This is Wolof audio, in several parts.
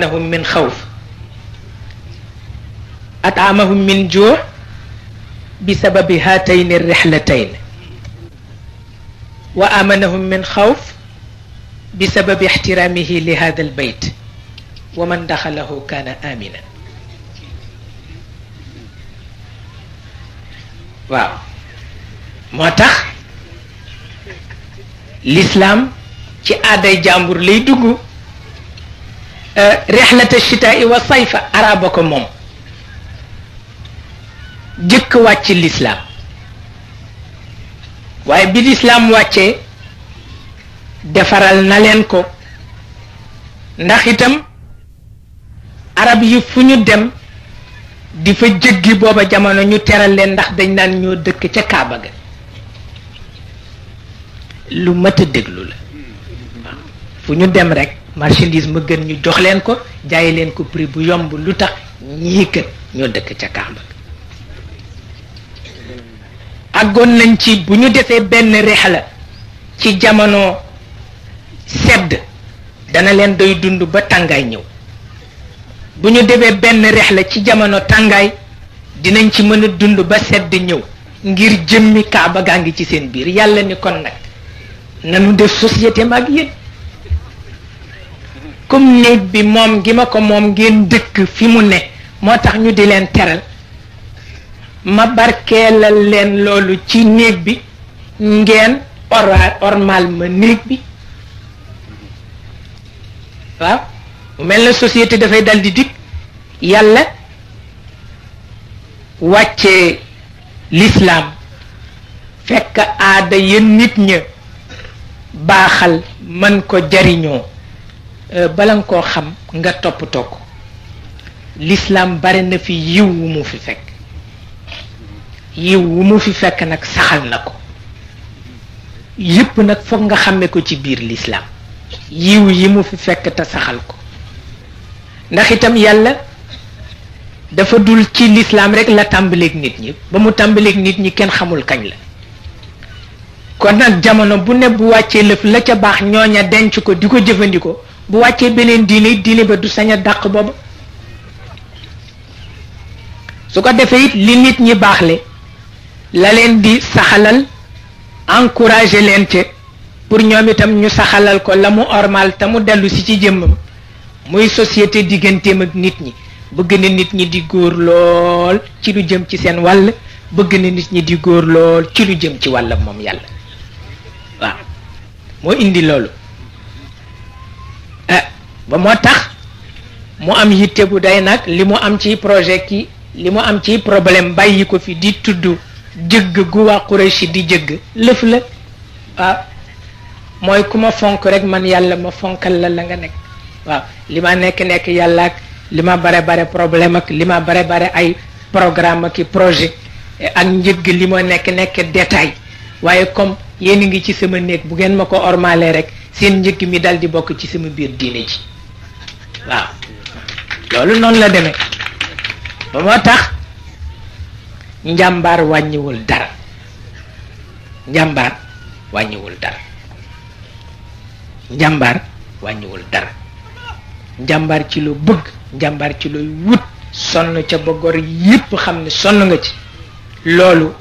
أطعمهم من خوف أطعمهم من جوع بسبب هاتين الرحلتين وآمنهم من خوف بسبب احترامه لهذا البيت ومن دخله كان آمنا واو موتاخ الإسلام ci aaday jàmbur لي دوغو Euh, rexlata chitaa wa sayfa araba ko moom jëkk wàcc lislaam waaye bi lislaam wàccee defaral na leen ko ndax itam arab yi fu ñu dem di fa jëggi booba jamono ñu teral leen ndax dañ naan ñoo dëkk ca Kaaba ga lu mat a déglu la fu ñu dem rekk marchandise ma gën ñu jox leen ko jaay leen ko prix bu yomb lu tax ñii kat ñoo dëkk ca Kaaba àggoon nañ ci bu ñu defee benn rexla ci jamono sedd dana leen doy dund ba tàngaay ñëw bu ñu defee benn rexla ci jamono tàngaay dinañ ci mën a dund ba sedd ñëw ngir jëmmi Kaaba gaa ngi ci seen biir yàlla ni kon nag nanu def société mag yéen comme néeg bi moom gi ma ko moom ngeen dëkk fi mu ne moo tax ñu di leen teral ma barkeelal leen loolu ci néeg bi ngeen ormal ma néeg bi waaw mu mel na société dafay daldi di dikk yàlla wàcce lislaam fekk aada yéen nit ña baaxal mën ko jariñoo Euh, bala nga koo xam nga toppatoo ko lislaam bare na fi yiw wu mu fi fekk yiw wu mu fi fekk nag saxal na ko yépp nag foog nga xàmme ko ci biir lislaam yiw yi mu fi fekk te saxal ko ndax itam yàlla dafa dul ci lislaam rek la tàmbaleeg nit ñi ba mu tàmbaleek nit ñi kenn xamul kañ la kon nag jamono bu ne bu wàccee lëf la ca baax ñooña denc ko di ko jëfandikoo bu wàccee beneen diine diine ba du sañ a dàq booba su ko defee li nit ñi baaxle la leen di saxalal encouragé leen ca pour ñoom itam ñu saxalal ko la mu ormal te mu dellu si ci jëmm muy société digganteem ak nit ñi bëgg na nit ñi di góor lool ci lu jëm ci seen wàll bëgg na nit ñi di góor lool ci lu jëm ci moom yàlla waaw moo indi loolu ba moo tax mu am yitte gu day nag li mu am ci projet ki li mu am ci problème bàyyi ko fi di tudd jëgg gu waa Quraysh di jëgg lëf la waaw mooy ku ma fonk rek man yàlla ma fonkal la la nga nekk waaw li ma nekk nekk yàlla li ma bare bare problème ak li ma bare bare ay programme ak i projet ak njëgg li ma nekk nekk détail waaye comme yéen a ngi ci sama néeg bu ngeen ma ko ormalee rek seen njëgg mi dal di bokk ci sama biir diine ci waaw loolu noonu la deme ba moo tax njàmbaar wàññiwul dara njàmbar wàññiwul dara njàmbaar wàññiwul dara njàmbaar ci loo bëgg njàmbaar ci looy wut sonn ca ba yépp xam ne sonn nga ci loolu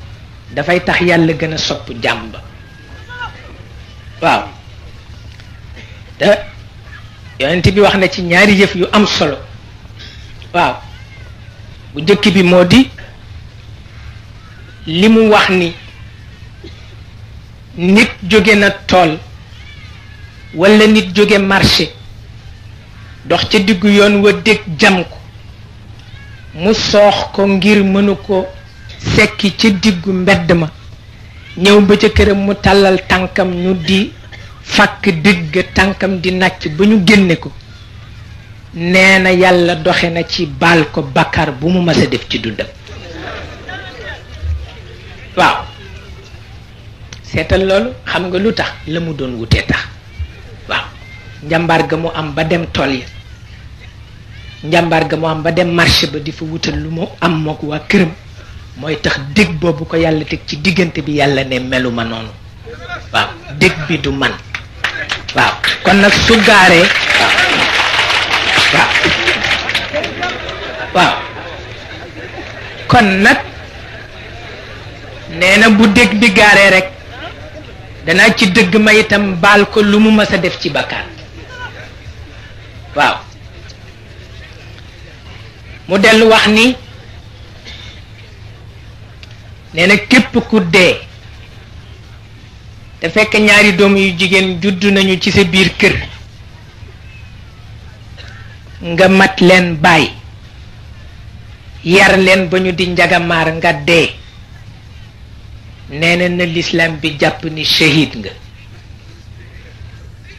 dafay tax yàlla gën a sopp jàmm waaw te yonent bi wax na ci ñaari yëf yu am solo waaw bu jëkk bi moo di li mu wax ni nit jóge na tool walla nit jóge marché dox ca diggu yoon wa dégg jam ko mu soox ko ngir mënu ko sekki ca diggu mbedd ma ñëw ba ca këram mu tàllal tànkam ñu di fàkk digg tànkam di nàcc ba ñu génne ko nee na yàlla doxe na ci baal ko bàkkaar bu mu mas def ci dundam waaw seetal loolu xam nga lu tax la mu doon wutee tax waaw njàmbaar ga mu am ba dem tool ya njàmbaar ga mu am ba dem marché ba di fa wutal lu mu am mook waa këram mooy tax dég boobu ko yàlla teg ci diggante bi yàlla ne meluma noonu waaw dég bi du man waaw kon nag su gaaree waaw waaw kon nag nee na bu dég bi gaaree rek danaa ci dëgg ma itam baal ko lu mu mas a def ci bakkaar waaw mu dellu wax ni nee na képp ku dee te fekk ñaari doom yu jigéen judd nañu ci sa biir kër nga mat leen bàyyi yar leen ba ñu di njagamaar nga dee nee na lislaam bi jàpp ni shahid nga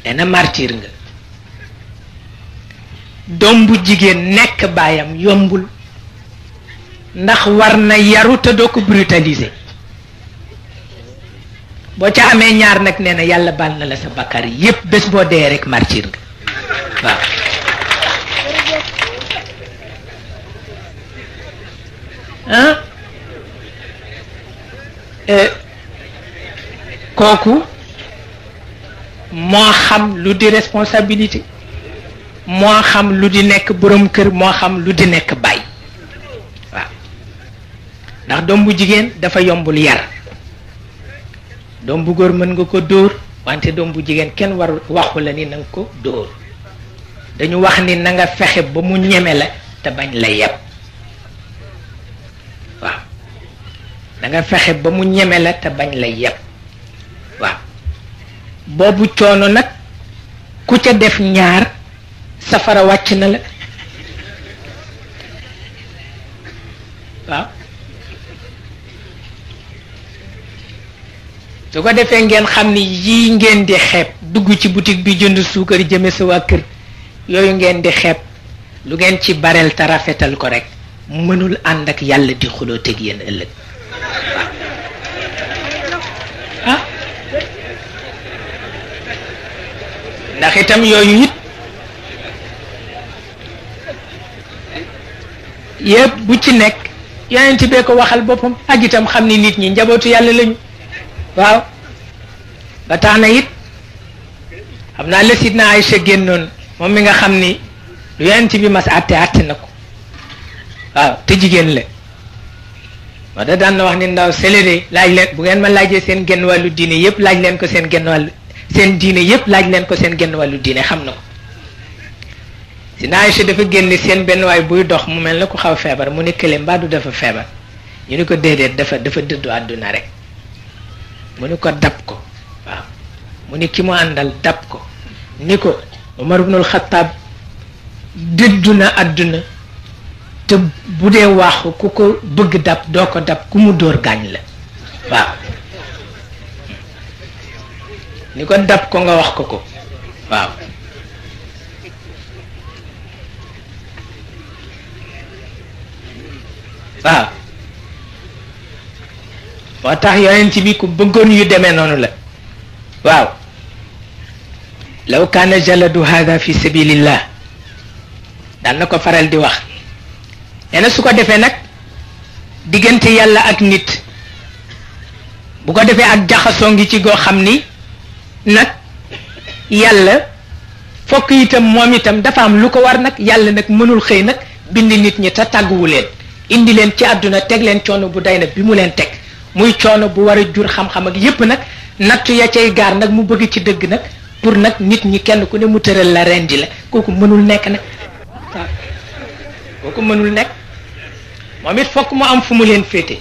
nee na nga doom bu jigéen nekk baayam yombul ndax war na yaru te doo ko brutaliser boo ca amee ñaar nag nee na yàlla baal na la sa bakkar yépp bés boo dee rek martir nga waaw ah kooku moo xam lu di responsabilité moo xam lu di nekk boroom kër moo xam lu di nekk baay waaw ndax doom jigéen dafa yombul yar Dombu bu góor man nga ko dóor wante dom bu jigen ken war waxu la ni nang ko nangga dañu wax ni na nga Wah, ba mu ñëmé la té bañ la yeb waaw na nga fexé ba mu ñëmé la té bañ la yeb waaw bobu nak ku ca def ñaar safara wacc na la waaw su ko defee ngeen xam ni yii ngeen di xeeb dugg ci boutique bi jënd suukar jëme sa waa kër yooyu ngeen di xeeb lu ngeen ci bareel te rafetal ko rek mënul ànd ak yàlla di xuloo teg yéen ëllëg ah ndax itam yooyu it yëpp bu ci nekk yonent bee ko waxal boppam ak itam xam ni nit ñi njabootu yàlla lañu waaw ba tax na it xam naa la sidna Aïcha génnoon moom mi nga xam ni lu yonent bi mas àtte àtte na ko waaw te jigéen la moo da daan na wax ni ndaw selede laaj leen bu ngeen ma laajee seen genn wàllu diine yëpp laaj leen ko seen genn wàllu seen diine yëpp laaj leen ko seen genn wàllu diine xam na ko sidna Aïcha dafa génn seen benn waay buy dox mu mel na ku xaw feebar mu ne kële mbaa du dafa feebar ñu ni ko déedéet dafa dafa dëddu àdduna rek mu ne ko dab ko waaw mu ne ki mu àndal dab ko ni ko umar ibnul xataab dëddu àdduna te bu dee waaxu ku ko bëgg dab doo ko dab ku mu dóor gaañ la waaw ni ko dab ko nga wax ko ko waaw waaw moo tax yonent bi ku bëggoon yu demee noonu la waaw law kaana jaladu hada fi sabilillah daan na ko faral di wax nee su ko defee nag diggante yàlla ak nit bu ko defee ak jaxasoo ngi ci goo xam ni nag yàlla fokk itam moom itam dafa am lu ko war nag yàlla nag mënul xëy nag bind nit ñi te tàgguwu leen indi leen ci àdduna teg leen coono bu day na bi mu leen teg muy coono bu war a jur xam-xam ak yépp nag nattu ya cay gaar nag mu bëgg ci dëgg nag pour nag nit ñi kenn ku ne mu tëral la ren ji la kooku mënul nekk nag waaw kooku mënul nekk moom it fokk mu am fu mu leen féete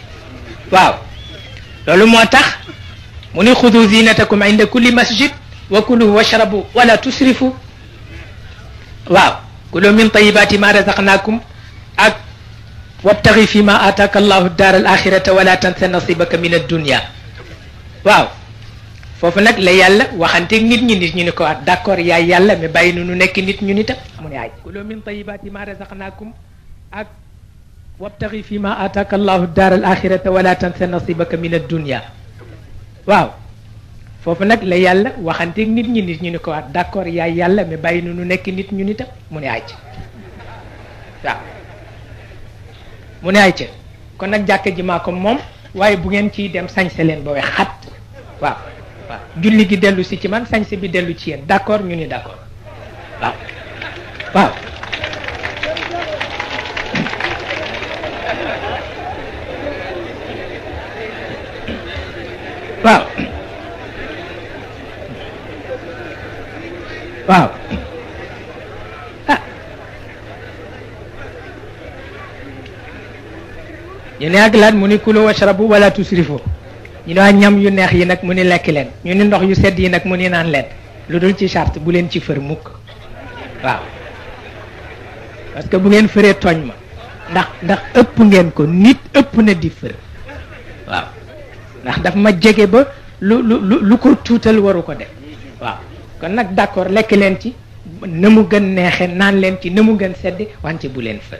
waaw loolu moo tax mu ni xudu zinatakum inda kulli masjid wa kulu washrabu wala tusrifu waaw kulu min ak wabtaxi fi ma ataaka allahu daar al axirata wala tansa nasibaka min addunia waaw foofu nag la yàlla waxante nit ñi nit ñu ni ko ah d' yàlla mais bàyyi nu nu nekk nit ñu ni tam mu ne ay kuloo min tayibaati ma razaqnaakum ak wabtaxi fi ma ataaka allahu daar al axirata wala tansa nasibaka min addunia waaw foofu nag la yàlla waxante nit ñi nit ñu ni ko ah d' yàlla mais bàyyi nu nekk nit ñu ni mu ne ay waaw mu ne ay ca kon nag jàkka ji maa ko moom waaye bu ngeen ciy dem sañse leen ba wex xat waaw julli gi dellu si ci man sañse bi dellu ci yéen d'accord ñu ni d'accord waaw waaw waaw ñu ne ak lan mu ni kulu washrabu wala tusrifu ñu ne ñam yu neex yi nag mu ne lekk leen ñu ne ndox yu sedd yi nag mu ni naan leen lu dul ci charte bu leen ci fër mukk waaw parce que bu ngeen fëree tooñ ma ndax ndax ëpp ngeen ko nit ëpp na di fër waaw ndax daf ma jege ba lu lu lu ko tuutal waru ko def waaw kon nag d'accord lekk leen ci na mu gën neexee naan leen ci na mu gën sedd wante bu leen fër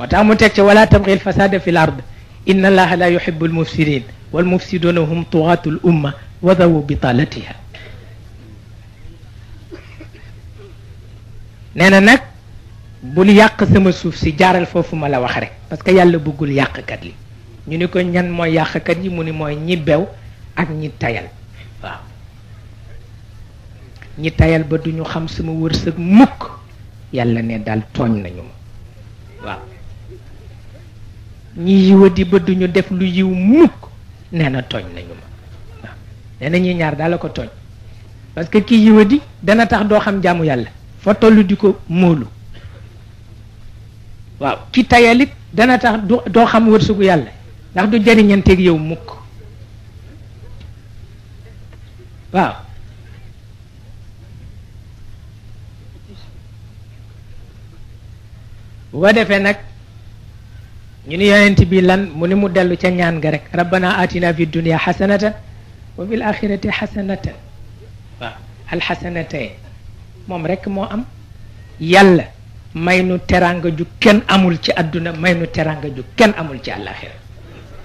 وتعمل تكتي ولا تبغي الفساد في الأرض إن الله لا يحب المفسدين والمفسدون هم طغاة الأمة وذو بطالتها نانا نك بول ياق سما سوف سي جارال فوفو مالا واخ رك باسكو يالا بوغول ياق كات لي ني نيكو نيان موي ياق كات ني موني موي ني بيو اك ني تايال واو ني تايال با دونو خام سما ورسك موك يالا ني دال توغ نانيو واو ñi yiwa di ba duñu def lu yiw mukk nee na tooñ nañu ma waaw nee na ñuy ñaar daal la ko tooñ parce que kii yiwa di dana tax doo xam jaamu yàlla foo tollu di ko móolu waaw ki tayalit dana tax doo xam wërsëgu yàlla ndax du jariñanteeg yow mukk waaw bu ko defee nag ñu ni yonent bi lan mu ni mu dellu ca ñaan ga rek rabbana atina fi dunia xasanatan wa fil axirati xasanatan waaw alxasanatayn moom rek moo am yàlla may nu teranga ju kenn amul ci àdduna may nu teranga ju kenn amul ci àllaaxira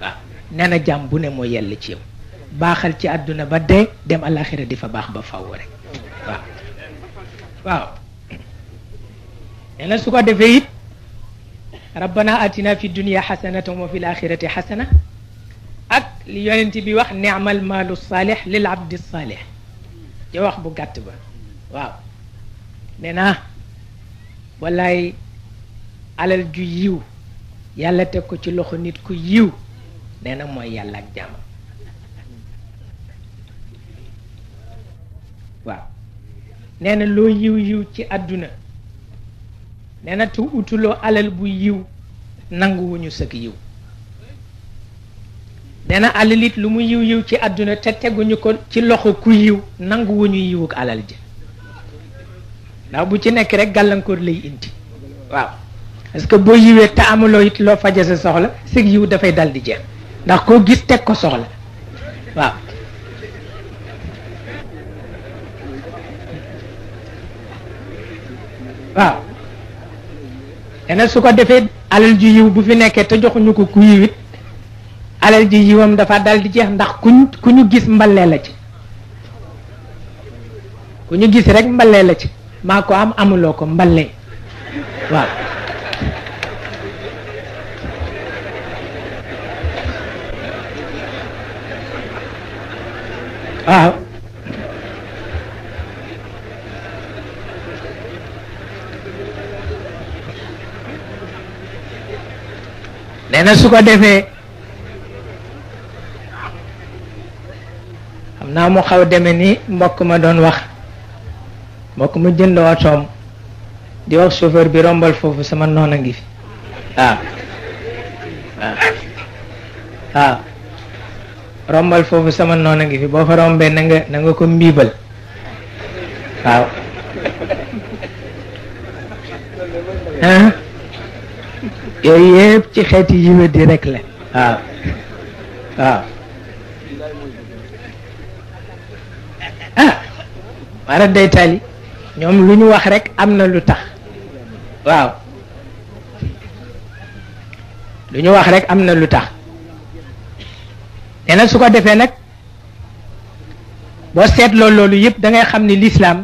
waaw nee na jàmm bu ne moo yell ci yow baaxal ci àdduna ba dee dem àllaaxira di fa baax ba faw rek waaw waaw nee na su ko defee it ربنا اتنا في الدنيا حسنه وفي الاخره حسنه اك لي يونتي بي واخ نعم المال الصالح للعبد الصالح جا واخ بو غات با واو نينا والله على الجيو يالا تكو سي لوخو نيت كو ييو نينا موي يالا جام واو نينا لو ييو ييو سي ادونا nee na tu utuloo alal bu yiw nanguwuñu sëg yiw nena na lu mu yiw yiw ci àdduna te teguñu ko ci loxo ku yiw nanguwuñu yiwuk alal ji ndax bu ci nekk rek gàllankoor lay indi waaw parce que boo yiwee te amuloo it loo faje sa soxla sëg yiw dafay dal di jeex ndax koo gis teg ko soxla waaw waaw te su ko defee alal ji yiw bu fi nekkee te joxuñu ko ku yiw it alal ji yiwam dafa dal di jeex ndax kuñ ku ñu gis mbalee la ci ku ñu gis rek mbalee la ci maa ko am amuloo ko mbalee waaw waaw nee suko su amna mo xaw démé ni mbokk ma doon wax mbokk mu jënd otoom di wax chauffeur bi rombal fofu sama nona ngi fi ah waaw rombal fofu sama nona ngi fi bo fa rombé na nga na nga ko mbibal waaw yooy yëpp ci xeeti yi weddi rek la waaw ah. ah. waaw ah wara day tali ñoom lu ñu wax rek am na lu tax waaw lu ñu wax rek am na lu tax nee na su ko defee nag boo seetloo loolu yëpp da ngay xam ni lislaam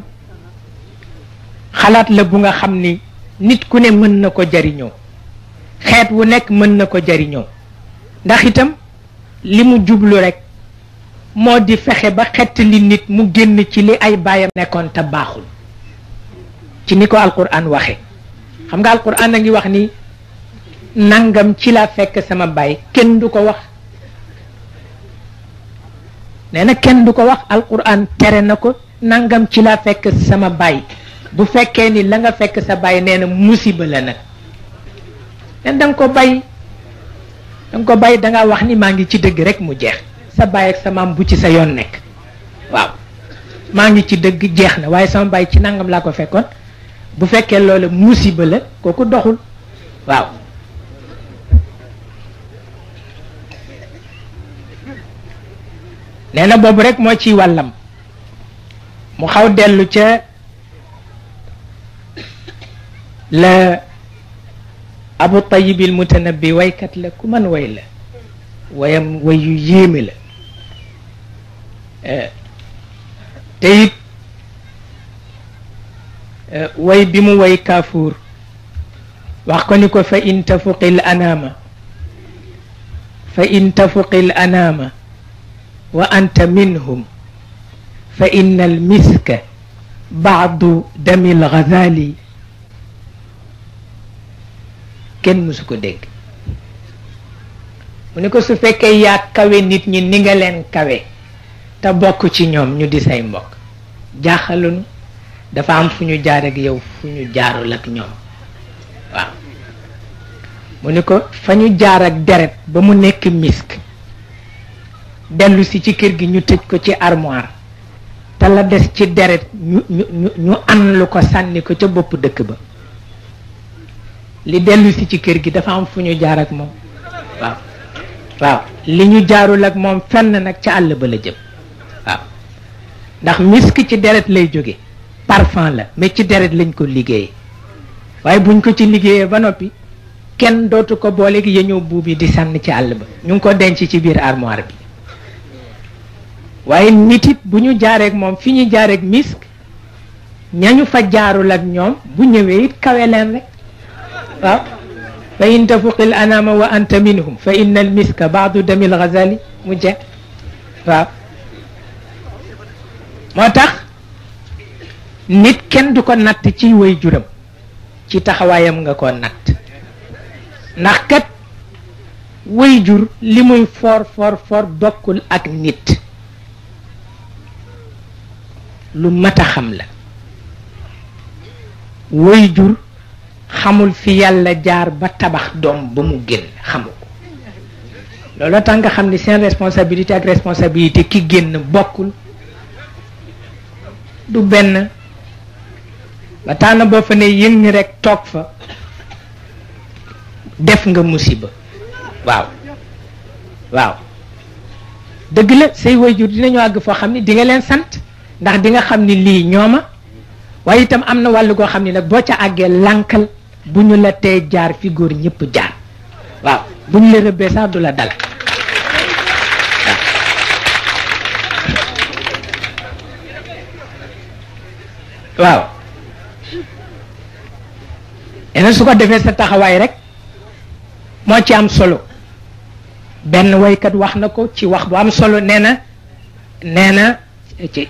xalaat la bu nga xam ni nit ku ne mën na ko jariñoo xeet wu nekk mën na ko jariñoo ndax itam li mu jublu rek moo di fexe ba xett li nit mu génn ci li ay baayam nekkoon te baaxul ci ni ko alquran waxe xam nga alquran a ngi wax ni nangam ci la fekk sama baay kenn du ko wax nee na kenn du ko wax alquran tere na ko nangam ci la fekk sama baay bu fekkee ni la nga fekk sa baay nee na la nag ne dang ko bay dang ko bay da nga wax ni maa ngi ci deug rek mu jeex sa baay ak sa mam bu ci sa yon nek waaw maa ngi ci deug jeex na waye sama ci nangam la ko fekkon bu fekke lolé musibe la koku doxul waaw nee bobu rek mo ci walam mu xaw delu ci la أبو الطيب المتنبي ويكت لك من ويلا ويم ويجيمل تيب أه، أه، وي بمو وي كافور وقنك فإن تفق الأنام فإن تفق الأنام وأنت منهم فإن المسك بعض دم الغزالي kenn mësu ko dégg mu ne ko su fekkee yaa kawe nit ñi ni nga leen kawe te bokk ci ñoom ñu di say mbokk jaaxalunu dafa am fu ñu jaar ak yow fu ñu jaarul ak ñoom waaw mu ne ko fa ñu jaar ak deret ba mu nekk misk dellusi ci kër gi ñu tëj ko ci armoire te la des ci deret ñu ñu ñu an lu ko sànni ko ca boppu dëkk ba li dellusi ci kër gi dafa am fu ñu jaar ak moom waaw waaw li ñu jaarul ak moom fenn nag ca àll ba la jëm waaw ndax misk ci deret lay jóge parfum la mais ci deret lañ ko liggéeyee waaye buñ ko ci liggéeyee ba noppi kenn dootu ko ñëw yeñoo yi di sànn ci àll ba ñu ngi ko denc ci biir armoire bi waaye nit it bu ñu jaareek moom fi ñu jaareek misk ñañu fa jaarul ak ñoom bu ñëwee it kawe leen فإن تفوق الأنام وأنت منهم فإن المسك بعض دم الغزالي مجا ف موتاخ نيت كين دوكو نات تي وي جورم تي تخوايام nga ko nat ndax kat way jur limuy for for for dokul ak nit lu mata xam la way xamul fi yàlla jaar ba tabax doom ba mu tangga xamu ko loolu tax nga xam ni seen responsabilité ak responsabilité ki génn bokkul du benn ba tànn boo fa ne yëng rek toog fa def nga musiba waaw waaw dëgg la say wayjur dinañu àgg foo xam ni di nga leen sant ndax di nga xam ni lii ñooma waaye itam am na wàll goo xam ni nag boo ca àggee lànkal bu ñu la tee jaar fi góor ñëpp jaar waaw bu ñu la rëbbee sax du la dal waaw ene su ko defee sa taxawaay rek moo ci am solo benn woykat wax na ko ci wax bu am solo nee na nee na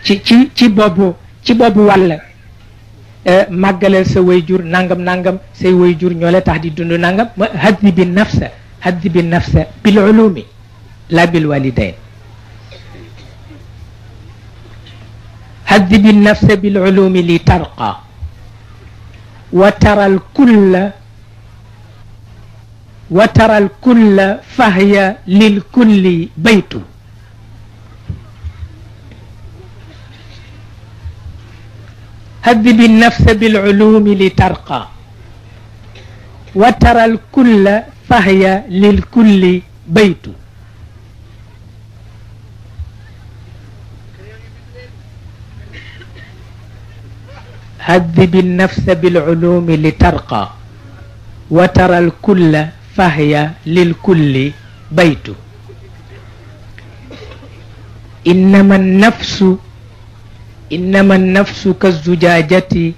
ci ci ci boobu ci boobu wàll magalel sa wayjur nangam nangam say wayjur ñole tax di dund nangam hadhi bin nafsa hadhi bin nafsa bil ulumi la bil walidain haddi bi nafsa bil ulumi li tarqa wa taral kulla wa taral kulla fahya lil kulli baytu هذب النفس بالعلوم لترقى وترى الكل فهي للكل بيت هذب النفس بالعلوم لترقى وترى الكل فهي للكل بيت إنما النفس إنما النفس كالزجاجة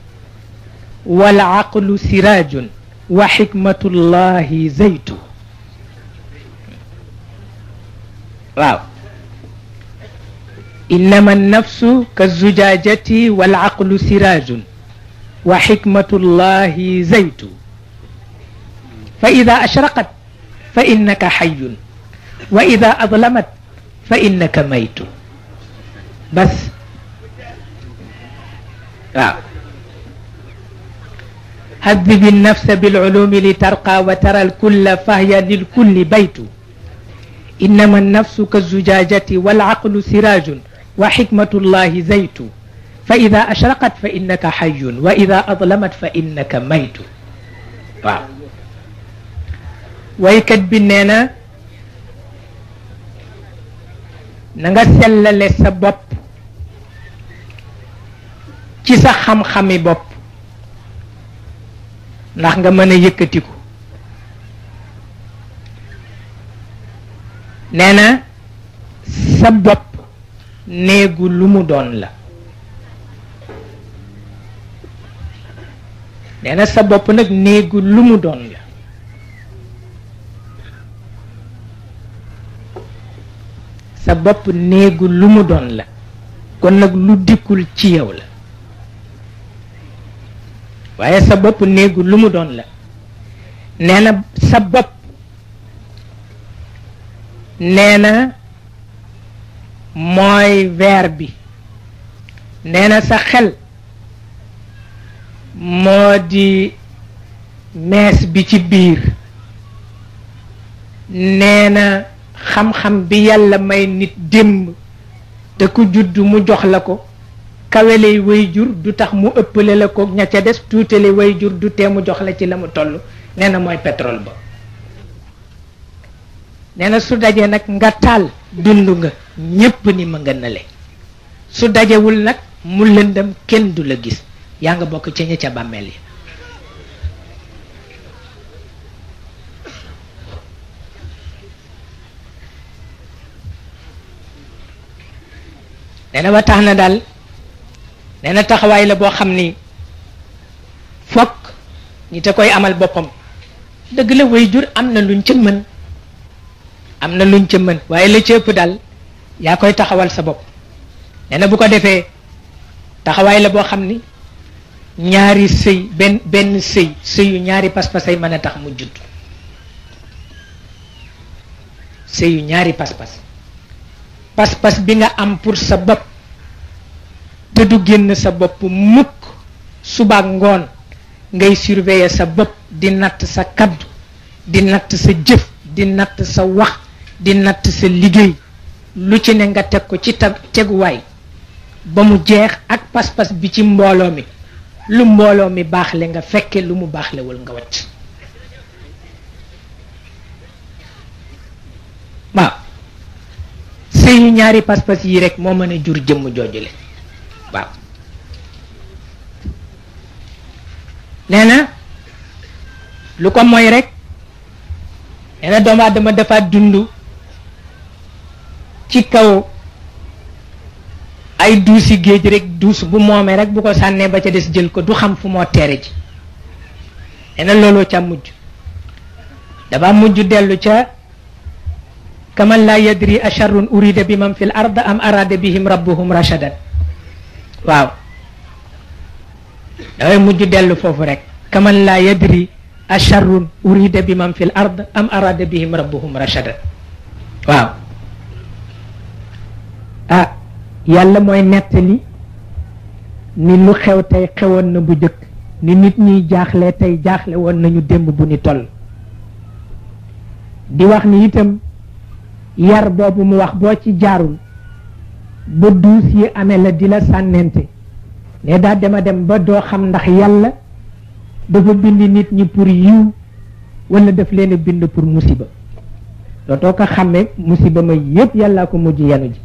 والعقل سراج وحكمة الله زيت واو إنما النفس كالزجاجة والعقل سراج وحكمة الله زيت فإذا أشرقت فإنك حي وإذا أظلمت فإنك ميت بس هذب نعم. النفس بالعلوم لترقى وترى الكل فهي للكل بيت إنما النفس كالزجاجة والعقل سراج وحكمة الله زيت فإذا أشرقت فإنك حي وإذا أظلمت فإنك ميت نعم. ويكد waykat نغسل nee ci sa xam-xami bopp ndax nga mën a yëkkatiku nee na sa bopp néegu lu mu doon la nee na sa bopp nag néegu lu mu doon la sa bopp néegu lu mu doon la kon nag lu dikkul ci yow la waaye sa bopp néegu lu mu doon la nee sa bopp nee na mooy weer bi nee na sa xel moo di mees bi ci biir nee na xam-xam bi yàlla may nit démb te ku judd mu jox la ko kaweley wayjur du tax mu eppele la ko ña ca des wayjur du tee mu jox la ci lamu mu neena moy na pétrole ba neena su dajee nak nga tal dund nga ñepp ni ma nga nalé su wul nak mu kenn du la gis ya nga bok ci bammel yi neena wa taxna dal Nenata taxaway la bo xamni fokk ni ta koy amal bopam deug la wayjur amna luñ ci man amna luñ ci man waye la ci ëpp dal ya koy taxawal sa bop nee bu ko defé taxaway la bo xamni ñaari sey ben ben sey seyu ñaari pas-pasay mana tax mu judd seyu ñaari pas-pas pas-pas bi nga am pour sa bop du génn sa bopp mukk subaak ngoon ngay surveiller sa bopp di natt sa kaddu di natt sa jëf di natt sa wax di natt sa liggéey lu ci ne nga teg ko ci teguwaay ba mu jeex ak pas-pas bi ci mbooloo mi lu mbooloo mi baaxle nga fekke lu mu baaxlewul nga wacc waaw sëyu ñaari pas-pas yi rek moo mën a jur jëmm joojule Lena, nee na lu doma mooy rek nee na doomu adama dafa dund Cikau, ay duusi géej rek duus bu moomee rek bu ko sànnee ba ca des jël ko du xam fu lolo teere ji nee na looloo kaman la yadri asharun urida bi fil arda am arade bihim rabbuhum rashadat. waaw dangay mujj dellu foofu rek kaman laa yadri acharrun urida bi man fil ard am arada bihim rabbuhum rachada waaw ah yàlla mooy ni lu xew tey xewoon na bu jëkk ni nit ñiy jaaxle tey jaaxle woon nañu démb bu ni toll di wax ni itam yar boobu mu wax boo ci jaarul ba duus yi amee la di la sànnente ne daa dema dem ba doo xam ndax yàlla dafa bind nit ñi pour yiw wala daf leen bind pour musiba dootoo ko xàmmee musiba ma yépp yàllaa ko mujj yanu ji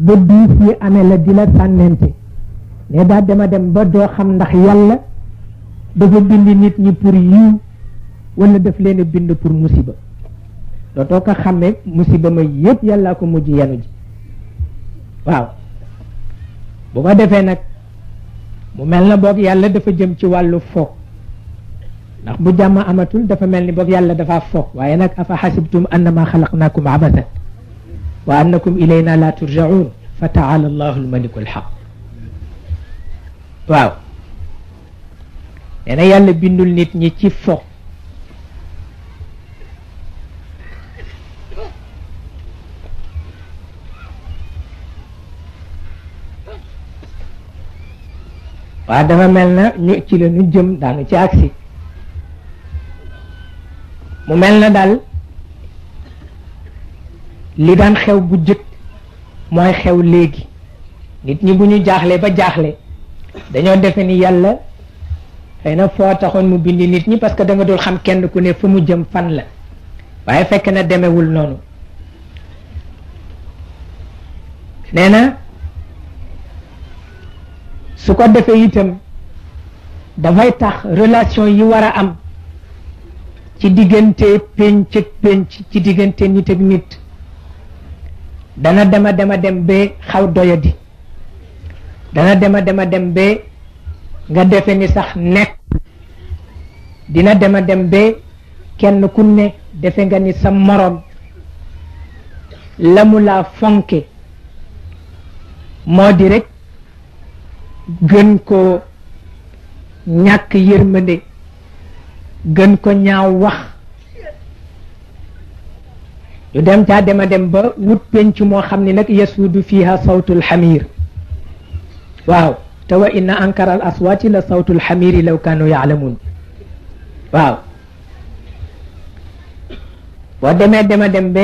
ba diis yi amee la di la sànnente ne daa dema dem ba doo xam ndax yàlla dafa bind nit ñi pour yiw wala daf leen bind pour musiba dootoo ko xamee musiba ma yépp yàllaa ko mujj yenu ji waaw bu ko defee nag mu mel na boog yàlla dafa jëm ci wàllu foog ndax bu jàmm amatul dafa mel ni boog yàlla dafa foog waaye nag afa xasibtum annama xalaqnaakum abasan وأنكم إلينا لا ترجعون فتعالى الله الملك الحق واو أنا يعني يلا بندل نت نتي فوق waa dafa mel na ñu ci la ñu jëm daanu ci agsi mu mel na daal li daan xew bu jëkk mooy xew léegi nit ñi bu ñu jaaxlee ba jaaxle dañoo defe ni yàlla xëy na foo taxoon mu bind nit ñi parce que da nga dul xam kenn ku ne fu mu jëm fan la waaye fekk na demewul noonu nee na su ko defee itam dafay tax relation yi war a am ci diggante pénc ak pénc ci diggante nit ak nit dana dema dema dem ba xaw doyadi dana dema dema dem ba nga defe ni sax nekk dina dema dem ba kenn ku ne defe nga ni sa morom la mu laa fonke moo di rek gën ko ñàkk yërmande gën ko ñaaw wax ñu dem caa dema dem ba wut penc moo xam ne nag yasuudu fiha sawtul xamir waaw te wa inna ankara al aswaati la sawtul xamiri law kaanu yaalamun waaw boo demee dema dem ba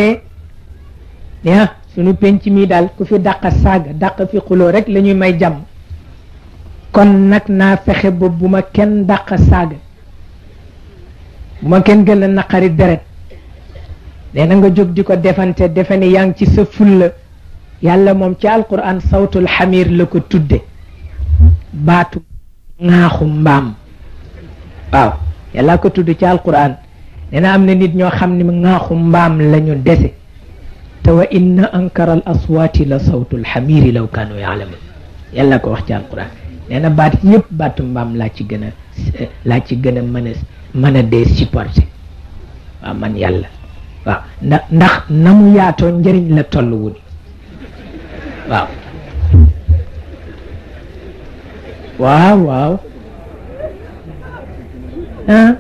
ya sunu penc mi daal ku fi dàq saaga dàq fi xuloo rek la ñuy may jàmm kon nag naa fexe boobu bu ma kenn dàq saaga bu ma kenn gën a naqari deret nee na nga jóg di ko defante defe ne yaa ngi ci sa fulla yàlla moom ci alquran sawtul xamir la ko tudde baatu ŋaaxu mbaam waaw yàlla ko tudd ci alquran nee na am na nit ñoo xam ne ŋaaxu mbaam la ñu dese te wa inna ankara al aswaati la sawtul xamiri law kaanu yaalamun yàlla ko wax ci alquran nee na baat yëpp baatu mbaam laa ci gën a laa ci gën a mën a mën a dee supporté waaw man yàlla waaw na ndax na mu yaatoo njëriñ la toll wul waaw waaw waaw ah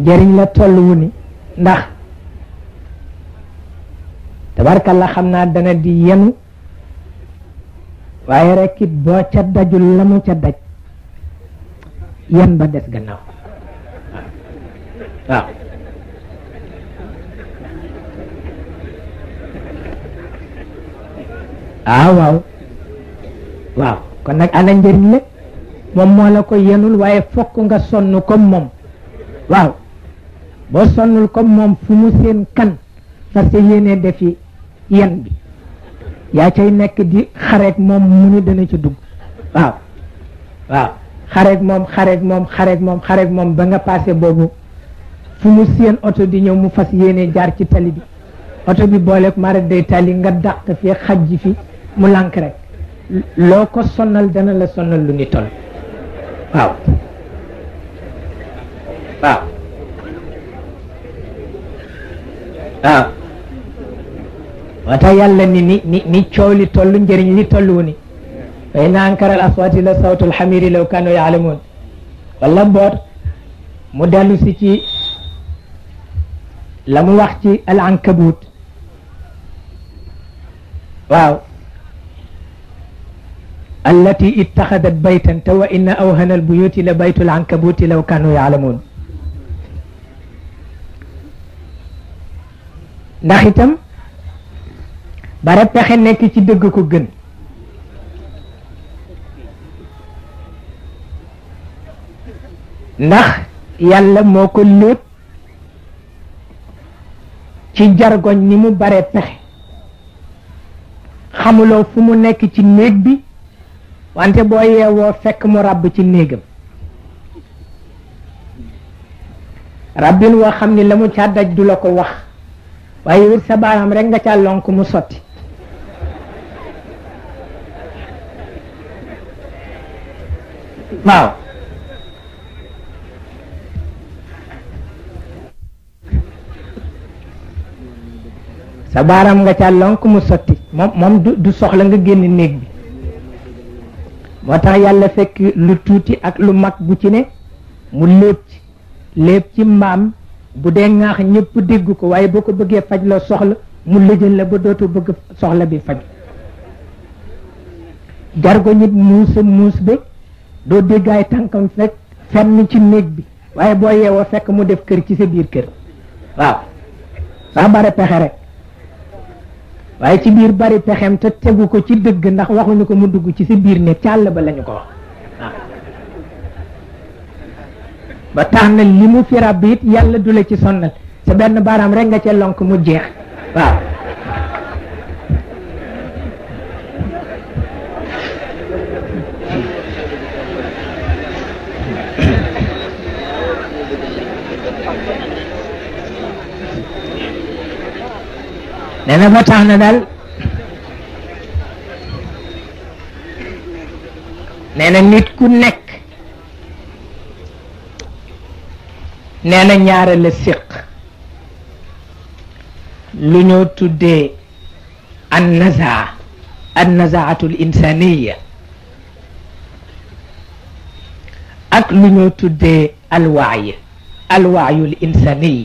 njëriñ la toll wu ni ndax tabarkalla xam naa dana di yenu waaye rek it boo ca dajul la mu ca daj yan ba des gannaaw waaw ah waaw waaw kon nag ana njëriñ la moom moo la ko yenul waaye fokk nga sonn comme moom waaw boo sonnul comme moom fu mu seen kan parce que yéene defi yen bi yaa cay nekk di xareeg moom mu ni dana ci dugg waaw waaw xareeg moom xareeg moom ba nga passé boobu fu mu seen oto di ñëw mu fas yéene jaar ci tali bi oto bi booleeg mara day tali nga dàq fi xaj ji fi mu lànk rek loo ko sonal dana la sonal lu ni toll waaw waaw waaw wata yalla ni ni ni coow li toll njëriñ li tollu ni wa inna ankara al aswati la sawtul xamiri law kanu yaalamun wala mboot mu dellu si ci la mu wax ci al ankabut waaw التي اتخذت بيتا تو إن أوهن البيوت لبيت العنكبوت لو كانوا يعلمون ناحيتم bare pexe nekk ci dëgg ko gën ndax yàlla moo ko lépp ci jargoñ ni mu bare pexe xamuloo fu mu nekk ci néeg bi wante boo yeewoo fekk mu ràbb ci néegam rabbin woo xam ni la mu ca du la ko wax waaye wit sa baaraam rekk nga ca lonk mu sotti waaw sa baaraam nga ca lonk mu sotti moom moom du soxla nga génn néeg bi moo tax yàlla fekk lu tuuti ak lu mag bu ci ne mu léeb ci léeb ci mbaam bu dee ŋaax ñépp dégg ko waaye boo ko bëggee faj la soxla mu lëjal la ba dootu bëgg soxla bi faj jargoñ it muus muus bi do dégg ay tànkam fekk fenn ci néeg bi waaye boo yeewoo fekk mu def kër ci sa biir kër waaw sax bare pexe rek waaye ci biir bari pexem te tegu ko ci dëgg ndax waxuñu ko mu dugg ci sa biir ne càll ba lañu ko wax ba tax na li mu fi ràbb it yàlla du la ci sonnal sa benn baaraam rek nga ca lonk mu jeex waaw لأن متى احنا دل نانا نيت كو نك نانا نيار لا سيق لو نيو تودي النزاع النزاعة الإنسانية أك لو نيو تودي الوعي الوعي الإنساني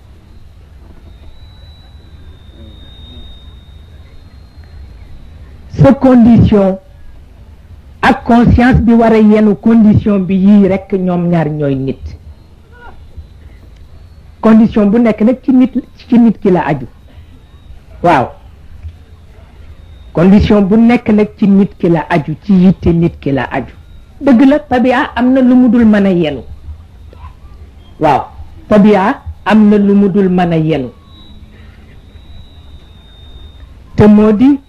sa condition ak conscience bi war a yenu condition bi yii rekk ñoom ñaar ñooy nit condition bu nekk nag ci nit ci nit ki la aju waaw condition bu nekk nag ci nit ki la aju ci yitte nit ki la aju dëgg la tabia am na lu mu dul mën a yenu waaw tabia am na lu mu dul mën a yenu te moo di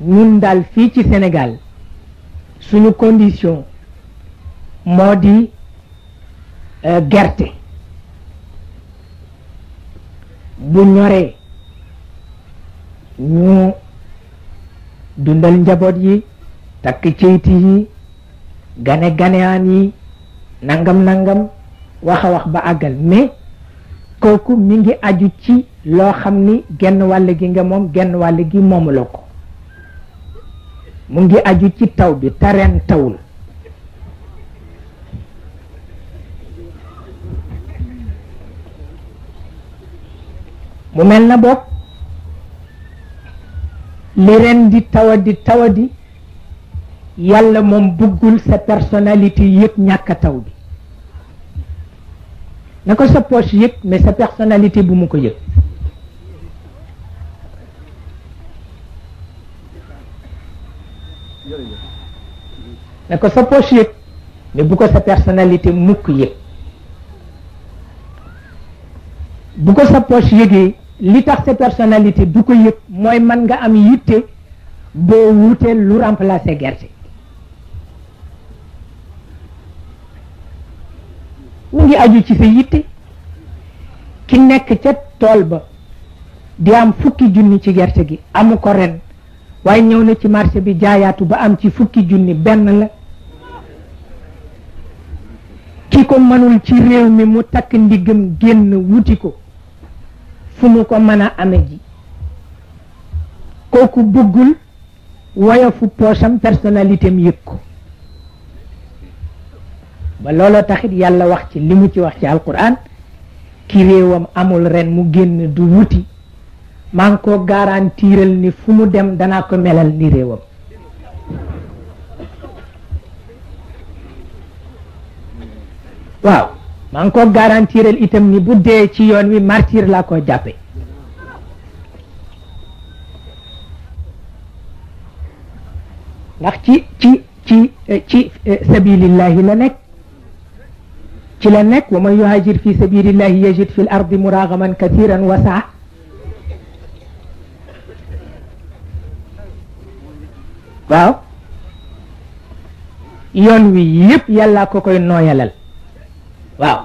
ñun daal fii ci Sénégal suñu condition moo di euh, gerte bu ñoree ñu dundal njaboot yi takk ceyti yi gane ganeyaan yi nangam nangam wax a ba àggal mais kooku mi ngi aju ci loo xam ni genn wàll gi nga moom genn wàll gi moomuloo ko mu ngi aju ci taw bi te ren tawul mu mel na bopp li ren di tawa di tawa di yàlla moom buggul sa personnalité yëpp ñàkk taw bi na ko sa poche yëpp mais sa personnalité bu mu ko yëg ne ko sa poche yëg mais bu ko sa personnalité mukk yëg bu ko sa poche yëgee li tax sa personalité du ko yëg mooy man nga am yitte boo wutee lu remplacer gerte mu ngi aju ci sa yitte ki nekk ca tool ba di am fukki junni ci gerte gi amu ko ren waaye ñëw na ci marché bi jaayaatu ba am ci fukki junni benn la ki ko mënul ci réew mi mu takk ndiggam génn wuti ko fu mu ko mën a ame ji kooku bëggul woyofu poosam personnalité am yëg ko ba looloo taxit yàlla wax ci li mu ci wax ci alquran ki réewam amul ren mu génn du wuti manko garantirel ni fumu dem dana ko melal ni rewam waaw manko garantirel itam ni budde ci yoon wi martir la ko jàppe ndax ci ci ci ci sabilillahi la nek ci la nek wa man yuhajir fi sabilillahi yajid fil l ardi muraagaman kasiran wasaa waaw yoon wi yëpp yàlla ko koy nooyalal waaw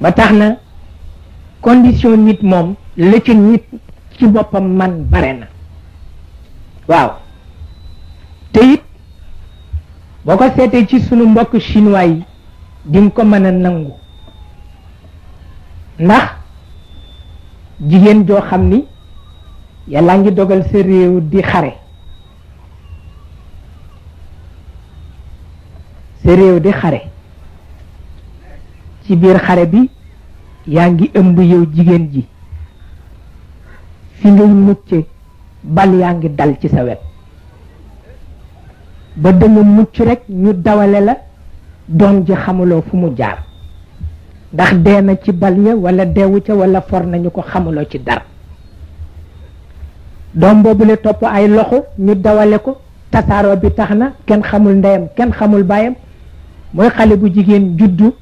ba tax na condition nit moom la nit ci boppam man bare na waaw te boo ko seetee ci sunu mbokk chinois yi di ko mën a nangu ndax jigéen joo xam ni yàllaa ngi dogal sa réew di xare sa réew di xare ci biir xare bi yaa ngi ëmb yëw jigéen ji fi ngay mucce bal yaa ngi dal ci sa wet ba danga mucc rekk ñu dawale la doom ji xamuloo fu mu jaar ndax dee na ci bal ya walla deewu ca walla for nañu ko xamuloo ci dara doom boobu boobule topp ay loxo ñu dawale ko tasaaroo bi tax na kenn xamul ndeyam kenn xamul baayam mooy xale bu jigéen juddu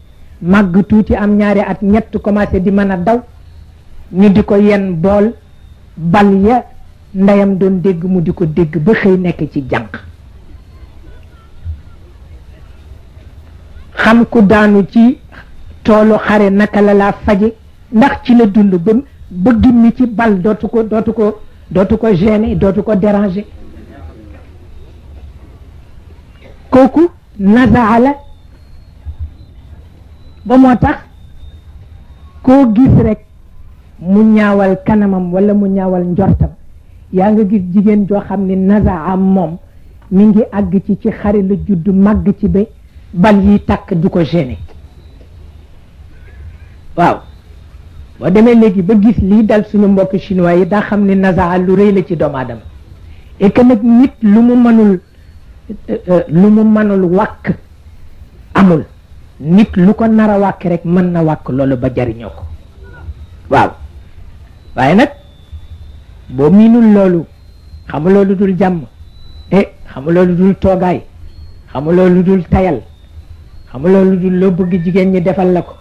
màgg tuuti am ñaari at ñett commencé di mën a daw ñu di ko yenn bool bal ya ndeyam doon dégg mu di ko dégg ba xëy nekk ci jànq xam ku daanu ci toolu xare naka la laa faje ndax ci la dund ba bëgg mi ci bal dootu ko dootu ko dootu ko gêner dootu ko déranger kooku nazaa la ba moo tax koo gis rekk mu ñaawal kanamam wala mu ñaawal njortam yaa nga gis jigéen joo xam ne nazaa moom mi ngi àgg ci ci xari la judd màgg ci ba bal yi takk du ko gêner waaw boo demee léegi ba gis lii dal suñu mbokk chinois yi daa xam ne nasaa lu rëy la ci doomu aadama et que nag nit lu mu mënul euh, euh, lu mu mënul wàkk amul nit lu ko nar a wàkk rek mën na wàkk loolu ba jariñoo ko waaw waaye nag boo miinul loolu xamuloo lu dul jàmm eh xamuloo lu dul toogaay xamuloo lu dul tayal xamuloo lu dul loo bëgg jigéen ñi defal la ko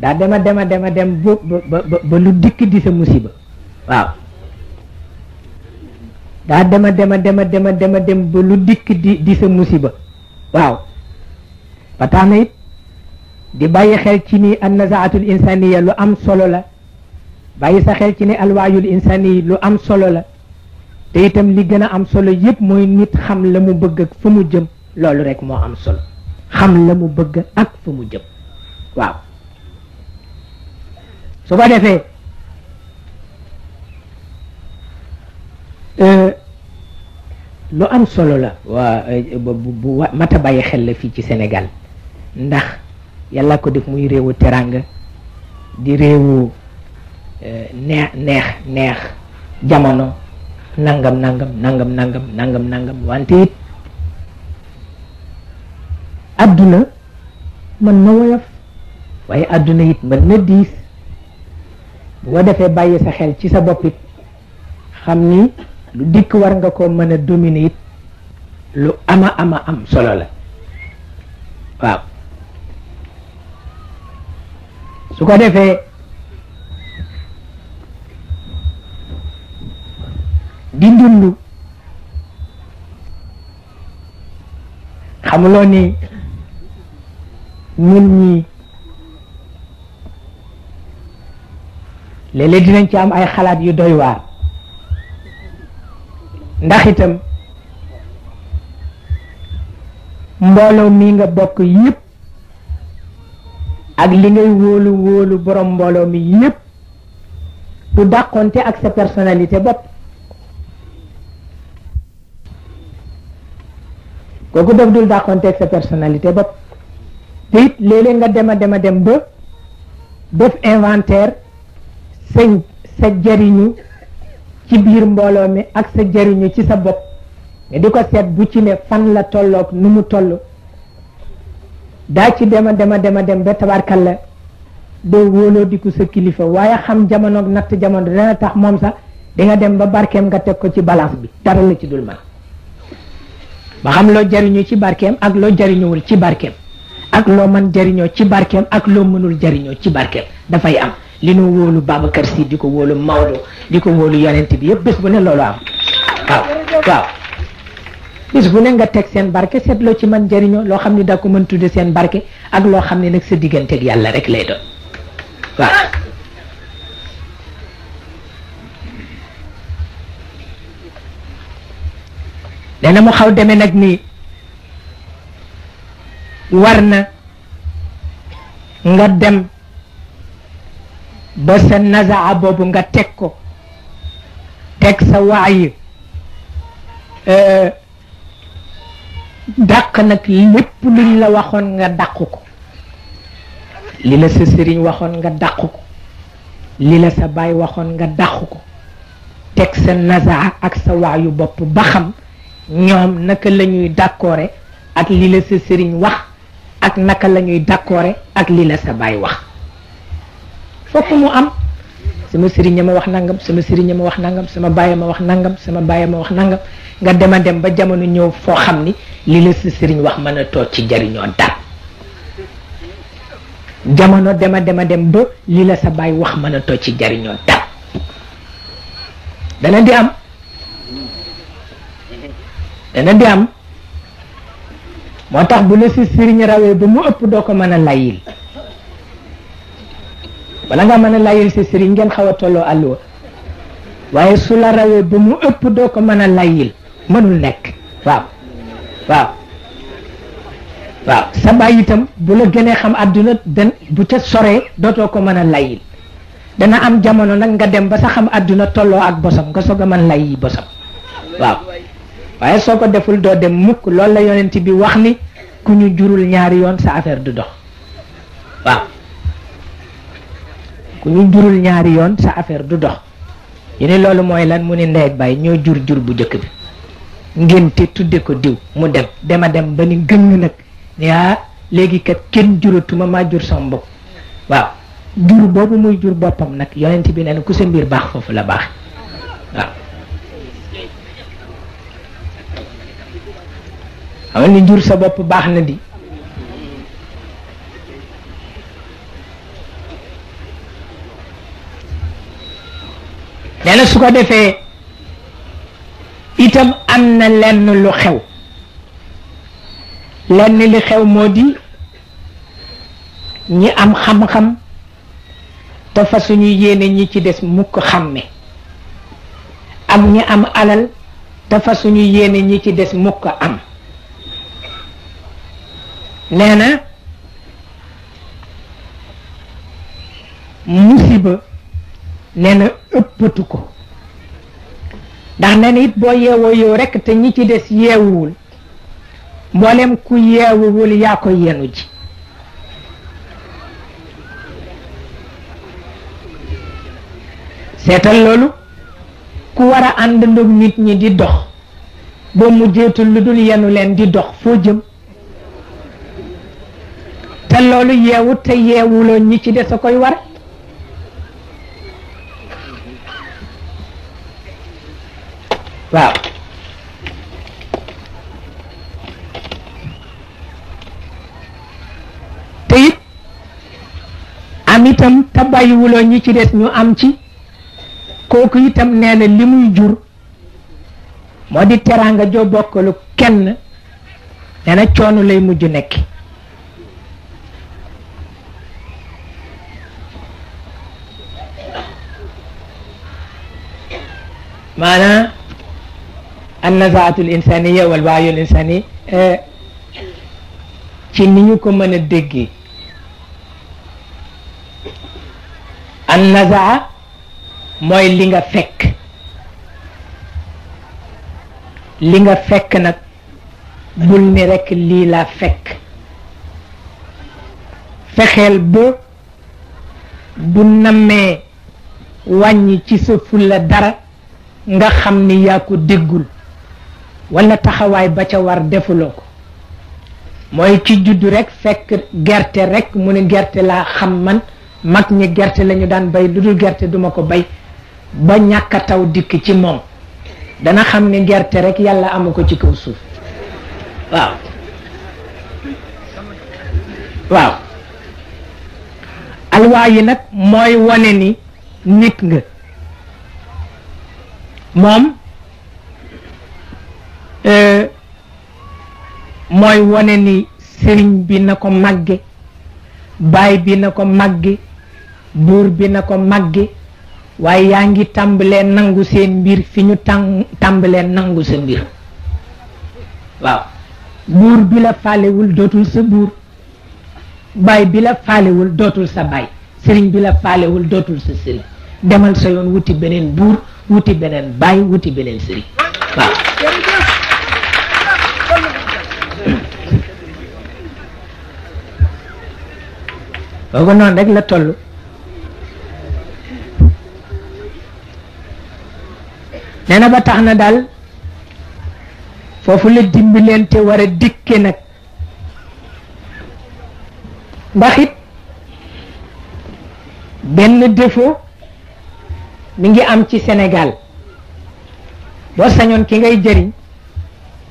daa dema dema dema dem ba ba lu dikk di sa musiba waaw daa dema dema dema dema dema dem ba lu dikk di di sa musiba waaw ba tax na it di bàyyi xel ci ni an nazaatul insaniya lu am solo la bàyyi sa xel ci ni alwaayul insani lu am solo la te itam li gën a am solo yépp mooy nit xam la mu bëgg ak fa mu jëm loolu rekk moo am solo xam la mu bëgg ak fa mu jëm waaw su ko defee euh, lu am solo la waa euh, bu mata bàyyi xel la fii ci Sénégal ndax yàlla ko def muy réewu teranga di réewu euh, neex neex neex jamono nangam nangam nangam nangam nangam nangam wante it àdduna mën na woyof waaye adduna it mën na diis boo defee bàyyi sa xel ci sa boppit xam ni lu dikk war nga ko mën a dominer it lu ama ama am solo la waaw su ko defee di dund xamuloo ni ñun mii léeg dinañ ci am ay xalaat yu doy waar ndax itam mbooloo mi nga bokk yépp ak li ngay wóolu wóolu borom mbooloo mi yépp du dàqonte ak sa personnalité bopp kooku def dul dàqonte ak sa personnalité bopp te it nga dem a dem a dem ba def inventaire sa sa jariñu ci biir mbooloo mi ak sa jariñu ci sa bopp mais di ko seet bu ci ne fan la tolloog nu mu toll daa ci dema dema dema dem ba la doo wóoloo sa kilifa waaye xam jamonoog natt jamono dana tax moom sax dem ba barkeem nga teg ko ci balance bi dara la ci dul man ba xam loo jariñu ci barkeem ak loo jariñuwul ci barkeem ak loo mën jariñoo ci barkeem ak loo mënul jariñoo ci barkeem dafay am li nu wóolu Babacar Sy di ko wóolu Maodo di ko wóolu yonent bi yëpp bés bu ne loolu am waaw waaw bis bu ne nga teg seen barke seetloo ci man jëriñoo loo xam ne da ko mën tudde seen barke ak loo xam ne nag sa digganteeg yàlla rek lay doon waaw nee na mu xaw deme nag nii war na nga dem ba sa nazaa boobu nga teg ko teg sa waayi eh, dàq nag lépp luñ la waxoon nga dàq ko li la sa sëriñ waxoon nga dàq ko li la sa baay waxoon nga dàq ko teg sa nazaa ak sa waayu bopp ba xam ñoom naka lañuy ñuy ak li la sa sëriñ wax ak naka lañuy ñuy ak li la sa baay wax fokk mu am sama serigne ma wax nangam sama serigne ma wax nangam sama baye ma wax nangam sama baye ma wax nangam nga dema dem ba jamono ñew fo xamni ni li la sa sëriñ wax mëna to ci jariño dara jamono dema dema dem ba li la sa baye wax mëna to ci jariño dara dana di am dana di am motax bu la sa sëriñ rawee mu upp do ko mëna layil wala nga mëna layel ci sëriñ ngeen xawa tolo allo waye su la rawé bu mu ëpp do ko mëna layel layil mënul nekk waaw waaw waaw sa bàyyi itam bu la gëné xam aduna den bu ca do to ko mëna layel layil dana am jamono nak nga dem ba sa xam aduna tolo ak bosam nga soga man layi bosam waaw waye soko deful do dem mukk loolu la yonenti bi wax ni ku ñu jurul ñaari yoon sa affaire du dox waaw ku ñu jurul ñaari yoon sa affaire du dox yene lo loolu mooy lan mu ne ndey bay ñoo jur jur bu jëkk bi te tudde ko diw mu dem dema dem ba ni gëng nag ya ah, legi kat kenn juratuma ma jur sa mbokk waaw jur boobu muy jur boppam nag yonent bi neen ku sa mbir baax fofu la baax waaw jur sa bopp baax na di nee na su ko defee itam am na lenn lu xew lenn li xew moo di ñi am xam-xam te fa suñu yéene ñi ci des mukk xàmme ak ñi am alal te fa suñu yéene ñi ci des mukk am nee na musiba nee na ëppatu ko ndax nee na it boo yeewoo yow rekk te ñi ci des yeewuwul mboolem ku yeewuwul yaa ko yenu ji seetal loolu ku war a ànd ndog nit ñi di dox boo mujjeetul lu dul yenu leen di dox foo jëm te loolu yeewu te yeewuloo ñi ci des a koy war waaw te am itam te bàyyiwuloo ñi ci des ñu am ci kooku itam nee na li muy jur moo di teraanga joo bokkalu kenn nee coonu lay mujj nekk maanaam annazaatul insaniya wal baayul insani ci ni ñu ko mën a déggee annazaa mooy li nga fekk li nga fekk nag bul ni rekk lii laa fekk fexeel ba bu wàññi ci sa fulla dara nga xam ni yaa ko déggul wala taxawaay ba ca war defuloo ko mooy ci juddu rekk fekk gerte rekk mu ne gerte laa xam man mag ñi gerte lañu daan bay lu dul gerte duma ko bay ba ñàkk taw dikk ci moom dana xam ni gerte rekk yàlla amu ko ci kaw suuf waaw waaw alwaa yi nag mooy wone ni nit nga moom Euh, mooy wone ni sëriñ bi na ko màgge baay bi na ko màgge buur bi na ko màgge waaye yaa ngi tàmbalee nangu seen mbir fi ñu tàn tàmbalee nangu sa mbir waaw buur bi la faalewul dootul sa buur baay bi la faalewul dootul sa baay sëriñ bi la faalewul dootul sa sëriñ demal sa yoon wuti beneen buur wuti beneen baay wuti beneen sëriñ waaw ko noonu rekk la toll nee na ba tax na daal foofu la leen dimbalante war a dikke nag ndax benn défaut mu ngi am ci Sénégal boo sañoon ki ngay jëriñ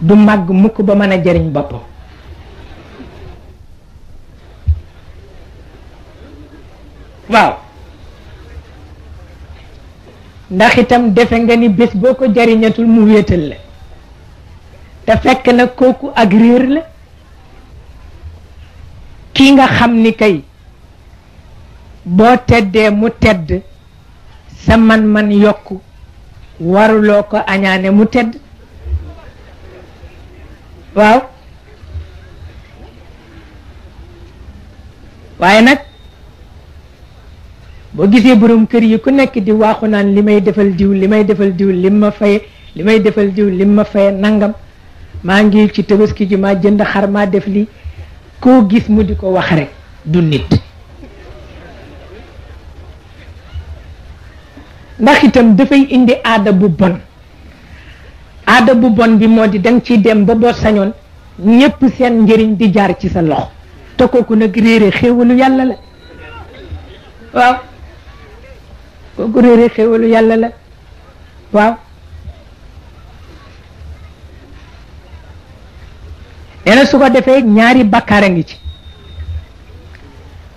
du màgg mukk ba mën a jariñ boppam waaw ndax itam defe nga ni bés boo ko jariñatul mu wéetal la te fekk na kooku ak réer la kii nga xam ni kay boo teddee mu tedd sa man-man yokk waruloo ko añaane mu tedd waaw waaye nag boo gisee boroom kër yi ku nekk di waaxu naan li may defal diw li may defal diw lim ma faye li may defal diw lim ma faye nangam maa ngi ci tabaski ji maa jënd xar maa def li koo gis mu di ko wax rek du nit ndax itam dafay indi aada bu bon aada bu bon bi moo di danga ci dem ba boo sañoon ñépp seen njëriñ di jaar ci sa loxo te nag réere xéewalu yàlla la waaw kooku réere xéwalu yàlla la waaw nee su ko defee ñaari bakkaar a ngi ci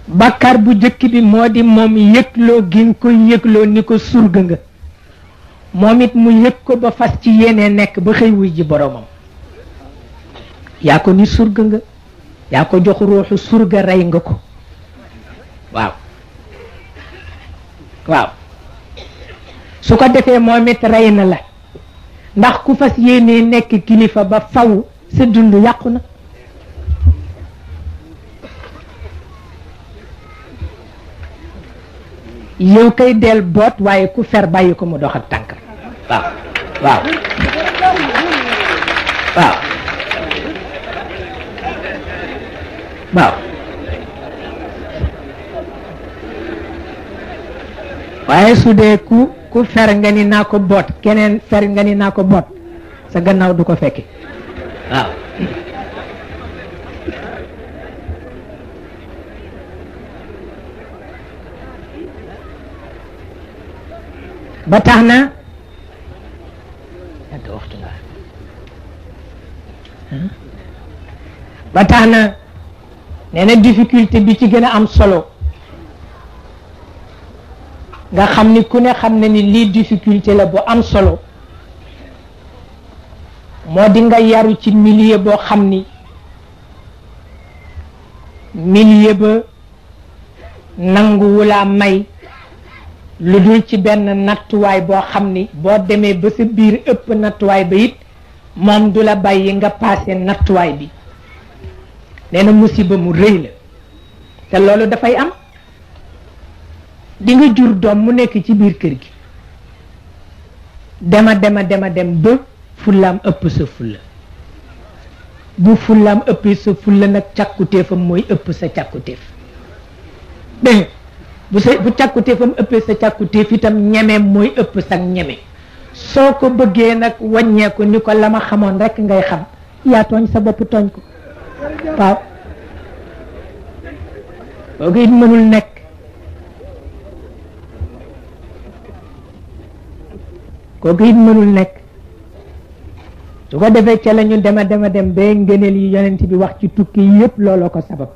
bakkaar bu jëkk bi moo di moom yëgloo gi nga ko yëgloo ni ko surga nga moom it mu yëg ko ba fas ci yenee nekk ba xëy wuy ji boromam yaa ko ni surga nga yaa ko jox ruuxu surga rey nga ko waaw waaw su ko defee moom it rey na la ndax ku fas yéenee nekk kilifa ba faw sa dund yàqu na yow kay del boot waaye ku fer bàyyi ko mu doxal tànk waaw waaw waaw waaw waaye su dee ku ku fer nga ni naa ko boot keneen fer nga ni naa ko boot sa gannaaw du ko fekki ba tax na ba tax na nee difficulté bi ci gën a am solo nga xam ni ku ne xam na ni lii difficulté la bu am solo moo di nga yaru ci milieu boo xam ni milieu ba nanguwulaa may lu dul ci benn nattuwaay boo xam ni boo demee ba sa biir ëpp nattuwaay ba it moom du la bàyyi nga paase nattuwaay bi nee na musiba mu rëy la te loolu dafay am di nga jur doom mu nekk ci biir kër gi dama dema dema dem ba fullaam ëpp sa fulla bu fullaam ëppee sa fulla nag càkkutéefam mooy ëpp sa càkkutéef bu sa bu càkkutéefam ëppee sa càkkutéef itam ñemeem mooy ëpp sa ñeme soo ko bëggee nag wàññee ni ko la ma xamoon rekk ngay xam yaa tooñ sa bopp tooñ ko waaw kooku it mënul nekk kooku it mënul nekk su ko defee ca la ñu dema dema dem ba ngëneel yi yonent bi wax ci tukki yëpp looloo ko sabab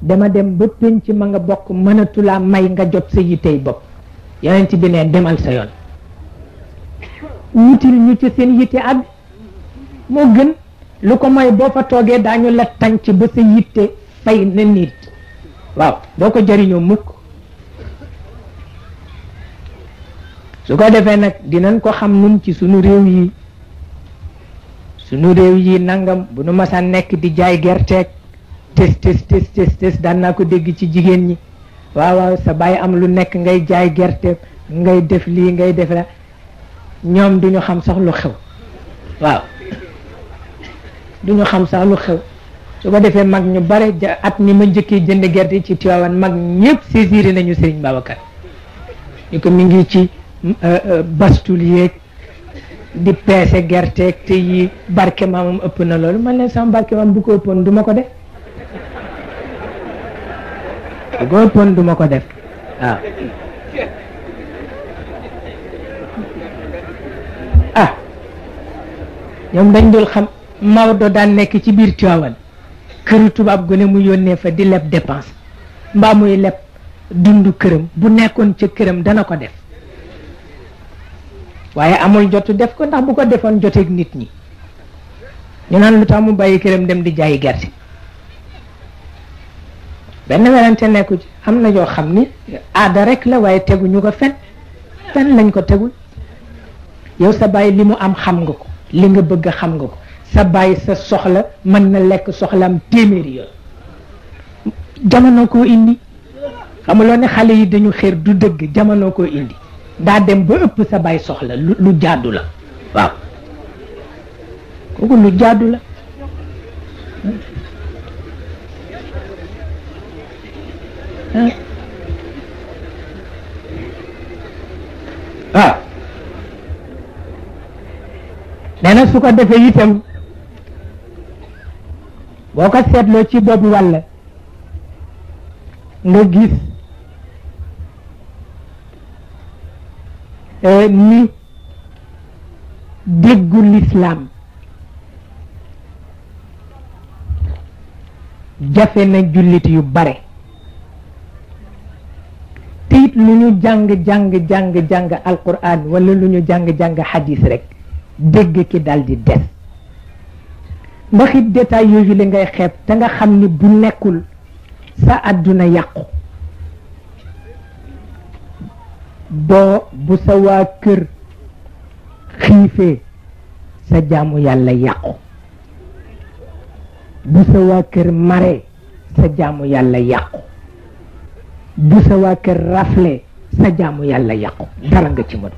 dema dem ba ci ma nga bokk mënatulaa may nga jot sa yittey bopp yonent bi ne demal sa yoon wutil ñu ci seen yitte ab moo gën lu ko mooy boo fa toogee daañu la tànc ba sa yitte fay na nit waaw doo ko jariñoo mukk su ko defee nag dinañ ko xam nun ci sunu réew yi sunu réew yi nangam bu nu masaan nekk di jaay gerteeg tes tes tes tes tes daan naa ko dégg ci jigéen ñi waaw waaw sa baay am lu nekk ngay jaay gerte ngay def lii ngay def la ñoom duñu xam sax lu xew waaw duñu xam sax lu xew su ko defee mag ñu bare at mi ma njëkkee jënd gerte ci Tiwaawan mag ñëpp saisir nañu Serigne Babacar ñu ko mi ngi ci bastuliyeeg di gerte ak te yi barke mamam ëpp na lolou man leen sama barke mam bu ko ëppoon duma ko def go ko duma ko def ah ah ñom dañ dul xam mawdo da nek ci bir Tiwaawan keur tubab gone mu yónnee fa di leb dépense mba muy leb dundu keureum bu nekkon ci keureum dana ko def waaye amul jotu def ko ndax bu ko defoon joteek nit ñi ñu naan lu tax mu bàyyi këram dem di jaayi gerte benn werante nekku ci am na yoo xam ni aada rek la waaye teguñu ko fen fen lañ ko tegul yow sa bàyyi li mu am xam nga ko li nga bëgg xam nga ko sa bàyyi sa soxla mën na lekk soxlaam téeméeri yoon jamono koo indi xamuloo ne xale yi dañu xër du dëgg jamono koo indi daa dem ba ëpp sa bay soxla lu jaadu la waaw kooku lu jaadu la waaw ah. nee na su ko defee itam boo ko seetloo ci boobu wàll nga gis Eh, ni déggu lislaam jafe na jullit yu bare te it lu ñu jàng jàng jàng jàng alquran wala lu ñu jàng jàng xadis rek dégg ki daldi di des ndax it yooyu li ngay xeeb te nga xam ni bu nekkul sa àdduna yàqu doo bu sa waa kër xiifee sa jaamu yàlla yàqu bu sa waa kër mare sa jaamu yàlla yàqu bu sa waa kër rafle sa jaamu yàlla yàqu dara nga ci mën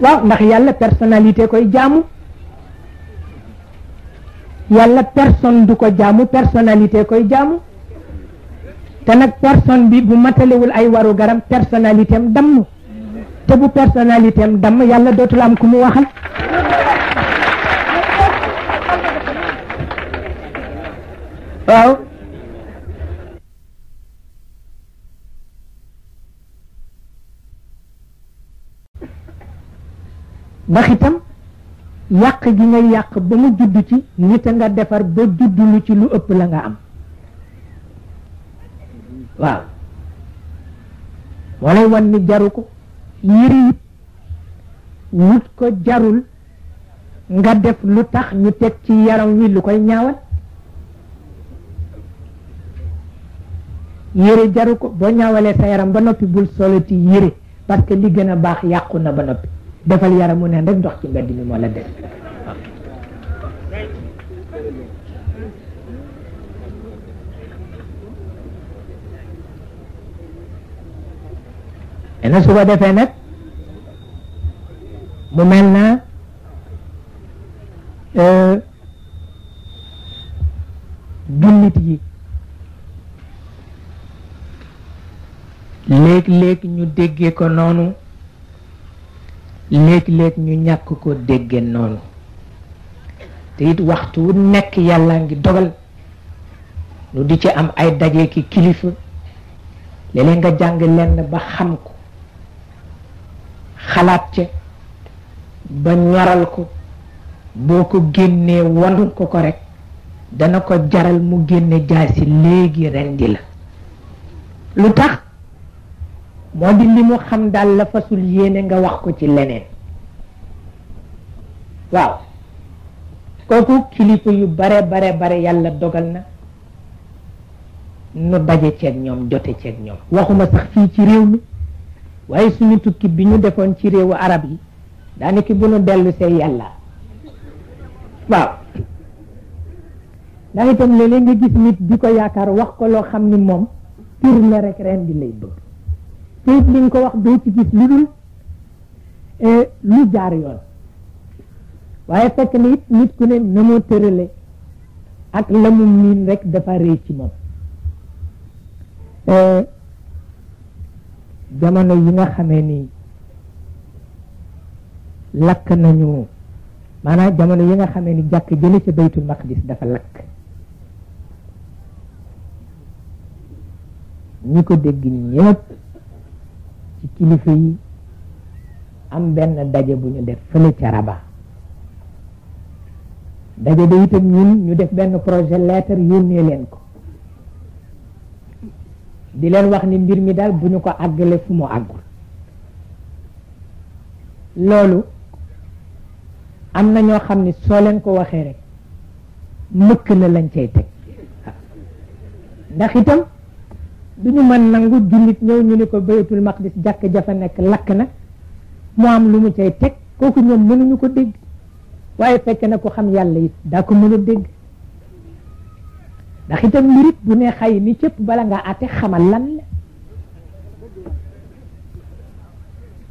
waaw ndax yàlla personnalité koy jaamu yàlla personne du ko jaamu personnalité koy jaamu te nag personne bi bu matalewul ay waru garam personnalité am damm te bu personnalité am damm yàlla la am ku mu waxal waaw ndax itam yàq gi ngay yàq ba mu judd ci nit a nga defar ba judd lu ci lu ëpp la nga am waaw moo lay wan ni jaru ko yëri wut ko jarul nga def lu tax ñu teg ci yaram wi lu koy ñaawal yére jaru ko boo ñaawalee sa yaram ba noppi bul soloti yére parce que li gën a baax yàqu na ba noppi defal yaramu neen rek dox ci mbedd mi moo la def na su ko defee nag mu mel na euh, jullit yi léeg-léeg ñu dégge ko noonu léeg-léeg ñu ñàkk ko dégge noonu te it waxtu wu nekk yàlla ngi dogal nu di ci am ay daje ki kilifa léeg-léeg nga jàng lenn ba xam ko xalaat ca ba ñoral ko boo ko génnee wonul ko ko rekk dana ko jaral mu génne jaasi léegi rendi la lu tax moo di li mu xam daal la fasul yéene nga wax ko ci leneen waaw kooku kilifa yu bare bare bare yàlla dogal na nu daje ceeg ñoom jote ceeg ñoom waxuma sax fii ci réew mi waaye suñu tukki bi ñu defoon ci réewu arab yi daanaka bu nu dellu see yàlla waaw ndax itam léeg-léeg gis nit di ko yaakaar wax ko loo xam ni moom tourné rek ren di lay bëgg te it li nga ko wax doo ci gis lu dul eh, lu jaar yoon waaye fekk na it nit ku ne na moo tërale ak la mu miin rek dafa rëy ci moom eh, jamono yi nga xamee ni lakk nañu maanaa jamono yi nga xamee ni jàkk jële ca baytul maqdis dafa lakk ñi ko dégg ñëpp ci kilifa yi am benn daje bu ñu def fële ca Rabat daje ba itam ñun ñu def benn projet lettre yónnee leen ko di leen wax ni mbir mi daal bu ñu ko àggale fu mu àggul loolu am na ñoo xam ni soo leen ko waxee rek mëkk la lañ cay teg ndax itam du ñu mën nangu jullit ñëw ñu ni ko baytul maqdis jàkk jafa nekk lakk na moo am lu mu cay teg kooku ñoom mënuñu ko dégg waaye fekk na ko xam yàlla yi daa ko mën a dégg ndax itam mbirit bu ne xay ni cëpp bala nga àtte xamal lan la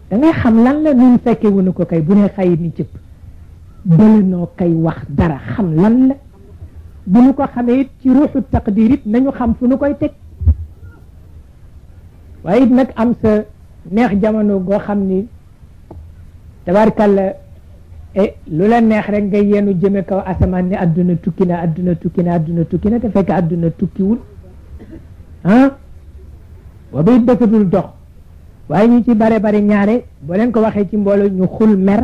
dangay xam lan la nun fekke wunu ko kay bu ne xay ni cëpp bala noo kay wax dara xam lan la bu nu ko xamee it ci ruuxu taqdir it nañu xam fu nu koy teg waaye it nag am sa neex jamono goo xam ni tabarkalla Eh, lu leen neex rek nga yenu jëme kaw asamaan ne adduna tukki na adduna tukki na adduna tukki na te fekk adduna tukkiwul ah wa bay dox waaye ñu ci bare bare ñaare boo leen ko waxee ci mbooloo ñu xul mer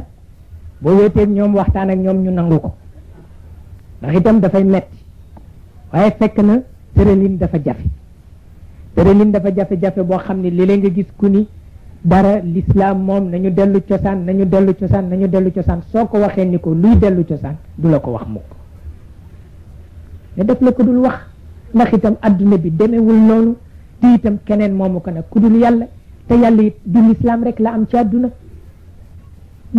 boo wéeteeg ñoom waxtaan ak ñoom ñu nangu ko ndax dafay metti waaye fekk na tëralin dafa jafe tëralin dafa jafe-jafe boo xam ne léeg-léeg nga gis ku ni bara lislaam moom nañu dellu cosaan nañu dellu cosaan nañu dellu cosaan soo ko waxee ni ko luy dellu cosaan du la ko wax mukk ne def la ko dul wax ndax àdduna bi demewul noonu te itam keneen moomu ko nag ku dul yàlla te yàlla it du l'islam rek la am ci àdduna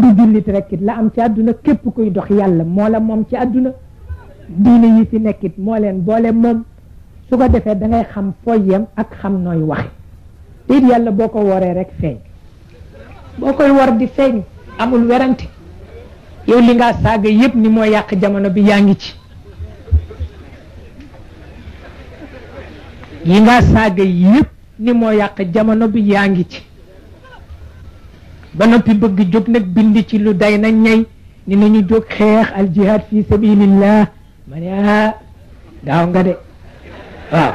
du jullit rek it la am ci àdduna képp kuy dox yàlla moo moom ci àdduna diine yi fi nekkit moo leen boole moom su ko defee da ngay xam fooy yem ak xam nooy waxe déet yàlla boo ko woree rek feeñ boo koy wor di feeñ amul werante yow li ngaa saaga yépp ni moo yàq jamono bi yaa ngi ci yi ngaa saaga yépp ni moo yàq jamono bi yaa ngi ci ba noppi bëgg jóg nag bind ci lu day na ñey ni nañu jóg xeex al jihad fi sabilillah ma ne ah nga de waaw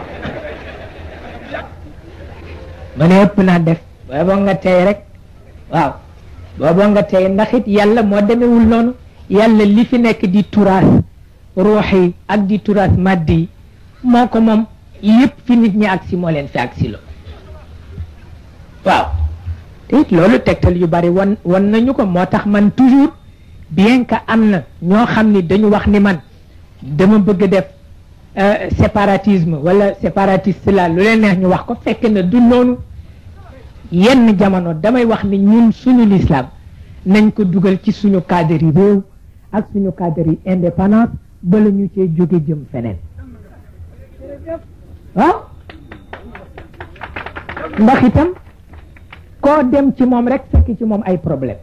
ma ne naa def booboo nga tey rek waaw booboo nga tey ndax it yàlla moo demewul noonu yàlla li fi nekk di turaas ruux yi ak di turaas maddi yi moo ko moom yëpp fi nit ñi agsi moo leen fi agsi loo waaw te it loolu tegtal yu bari wan wan nañu ko moo tax man toujours bien que am na ñoo xam ni dañu wax ni man dama bëgg a def Euh, séparatisme wala séparatiste la lu leen neex ñu wax ko fekk na du noonu yenn jamono damay wax ni ñun suñu lislaam nañ ko dugal ci suñu cadre yi réew ak suñu cadre yi indépendance ba la ñu jóge jëm feneen waaw ah? ndax itam koo dem ci moom rek fekk ci moom ay problème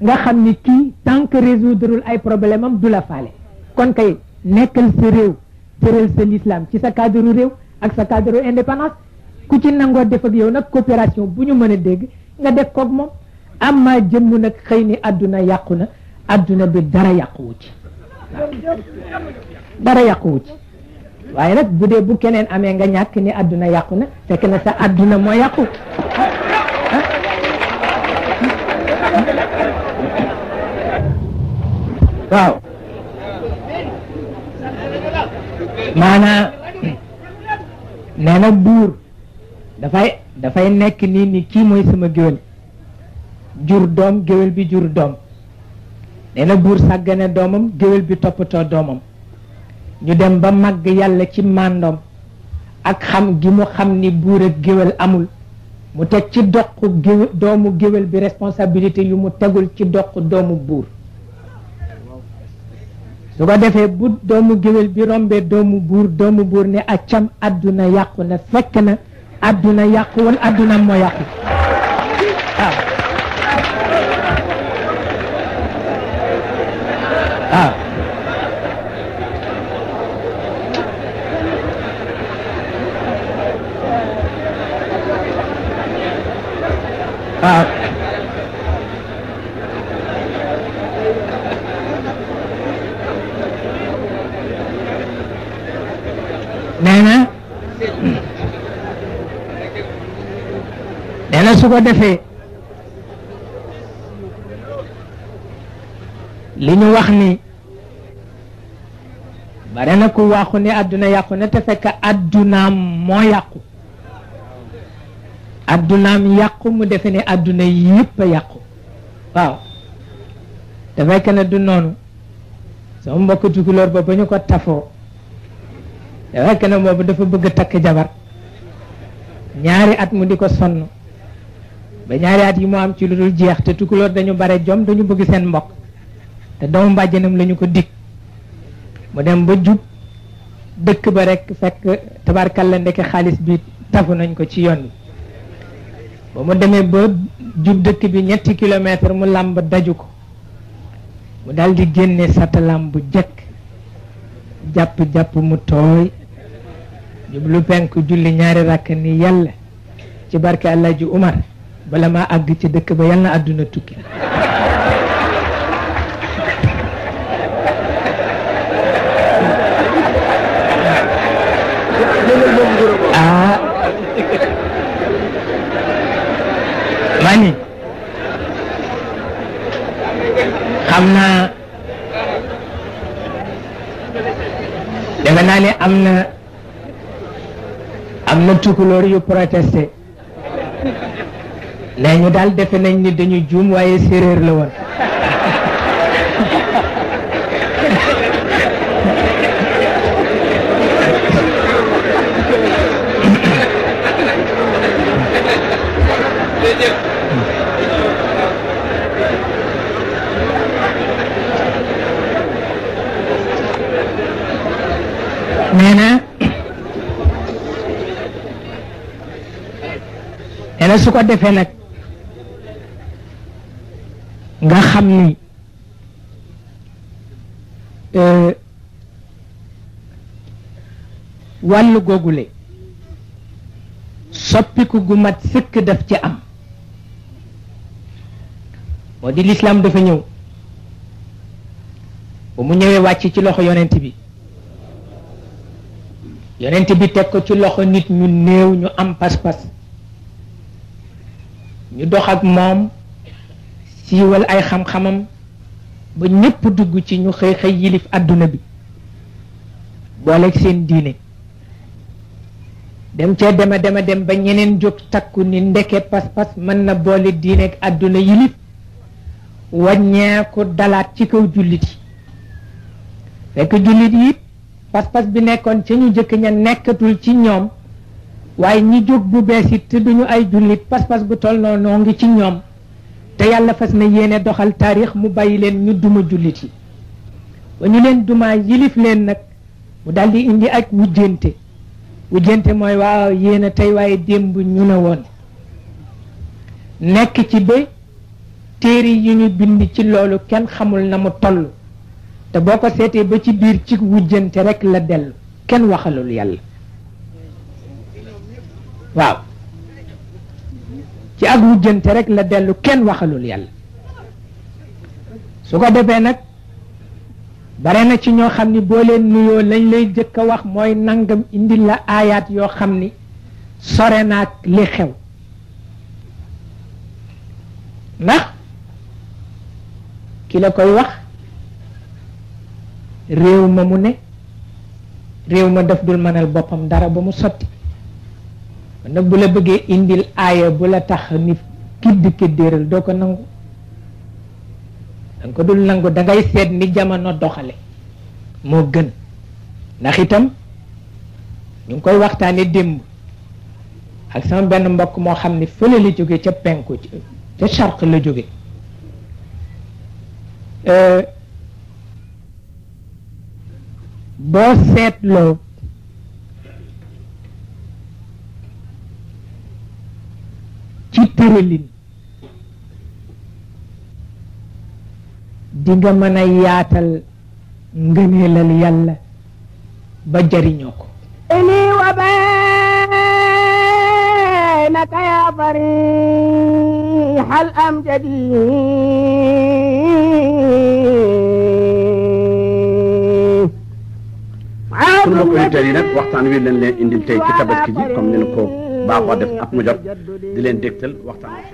nga xam ni kii tant que résoudre ay problème am du la faale kon kay nekkal sa réew tëral sa l'islam ci sa cadre réew ak sa cadre indépendance ku ci nangoo def yow nag coopération bu ñu mën a dégg nga def koog moom amma jëmm nag xëy ni àdduna yàqu na àdduna bi dara yàquwu ci dara yàquwu ci waaye nag bu dee bu keneen amee nga ñàkk ni àdduna yàqu na fekk na sa àdduna moo yàqu waaw maana nee buur dafay dafay nekk nii ni kii mooy sama géwél jur doom géwél bi jur doom nee na buur sàggane doomam géwél bi toppatoo doomam ñu dem ba màgg yàlla ci màndoom ak xam gi mu xam ni buur ak géwél amul mu teg ci doq géwél doomu géwél bi responsabilité yu mu tegul ci doq doomu buur su ko defee bu doomu géwél bi rombe doomu buur doomu buur ne accam àdduna yàqu na fekk na àdduna yàqu yàquwul àdduna moo yàqu waaw waaw waaw su ko defee li ñu wax ni bare na ku waxu ne àdduna yàqu ne te fekk àddunaam moo yàqu àddunaam yàqu mu defe ne àdduna yépp a yàqu waaw te fekk na du noonu sama mbokk tukulóor ba ba ñu ko tafoo te fekk na boobu dafa bëgg takk jabar ñaari at mu di ko sonn ba ñaari at yi mu am ci lu dul jeex te tukulo dañu bare jom dañu bëgg seen mbokk te doomu mbàjjanam lañu ko dik mu dem ba jub dëkk ba rek fekk tabarkalla xaalis bi tafu nañ ko ci yoon ba mu demee ba jub dëkk bi ñetti kilomètre mu làmb daju ko mu dal di génne satalam bu jekk jàpp jàpp mu tooy jublu penku julli ñaari rakk ni yàlla ci barke allah ji umar bala maa àgg ci dëkk ba yal na àdduna tukki ah mani xam naa danga naa ne am na am yu protesté nee ñu daal defe nañ ni dañu juum waaye séeréer la woon nee na nee na su ko defee nag xam ni e, wàllu googule soppiku gu mat sëkk daf ci am moo di lislaam dafa ñëw bu mu ñëwee wàcc ci loxo yonent bi yonent bi teg ko ci loxo nit ñu néew ñu am pas-pas ñu dox ak moom siiwal ay xam-xamam ba ñépp dugg ci ñu xëy xëy yilif àdduna bi booleeg seen diine dem cee dema dema dem ba ñeneen jóg takku ni ndeke pas-pas mën na boole ak àdduna yilif ko dalaat ci kaw jullit yi fekk jullit yi pas-pas bi nekkoon ci ñu jëkk ña nekkatul ci ñoom waaye ñi jóg bu bees duñu ay jullit pas-pas bu toll noonu ngi ci ñoom te yàlla fas na yéene doxal taarix mu bàyyi leen ñu duma jullit yi ba ñu leen duma yilif leen nag mu daal indi ak wujjante wujjante mooy waaw yéen a tey waaye démb ñu ne woon nekk ci ba téere yi ñu bind ci loolu kenn xamul na mu toll te boo ko seetee ba ci biir ci wujjante rekk la dellu kenn waxalul yàlla waaw ci ak wujjante rekk la dellu kenn waxalul yàlla su ko defee nag bare na ci ñoo xam ni boo leen nuyoo lañ lay jëkk a wax mooy nangam indil la aayaat yoo xam ni sore naag li xew ndax ki la koy wax réew ma mu ne réew ma def dul mënal boppam dara ba mu sotti kon nag bu la bëggee indil aaya bu la tax nit kiddi kiddéeral doo ko nangu danga ko dul nangu dangay seet ni jamono doxale moo gën ndax itam ñu ngi koy waxtaane démb ak sama benn mbokk moo xam ne fële la jóge ca penku ca charq la jóge euh, boo seetloo ci tëralin di nga mën a yaatal ngëneelal yàlla ba jariñoo ko inii wa baynaka yaa fariixal amjadi kon mbokk yi tey nag waxtaan wi lañ leen indil tey ci tabaski ji comme ni ko baaxoo def at mu jot di leen dégtal waxtaan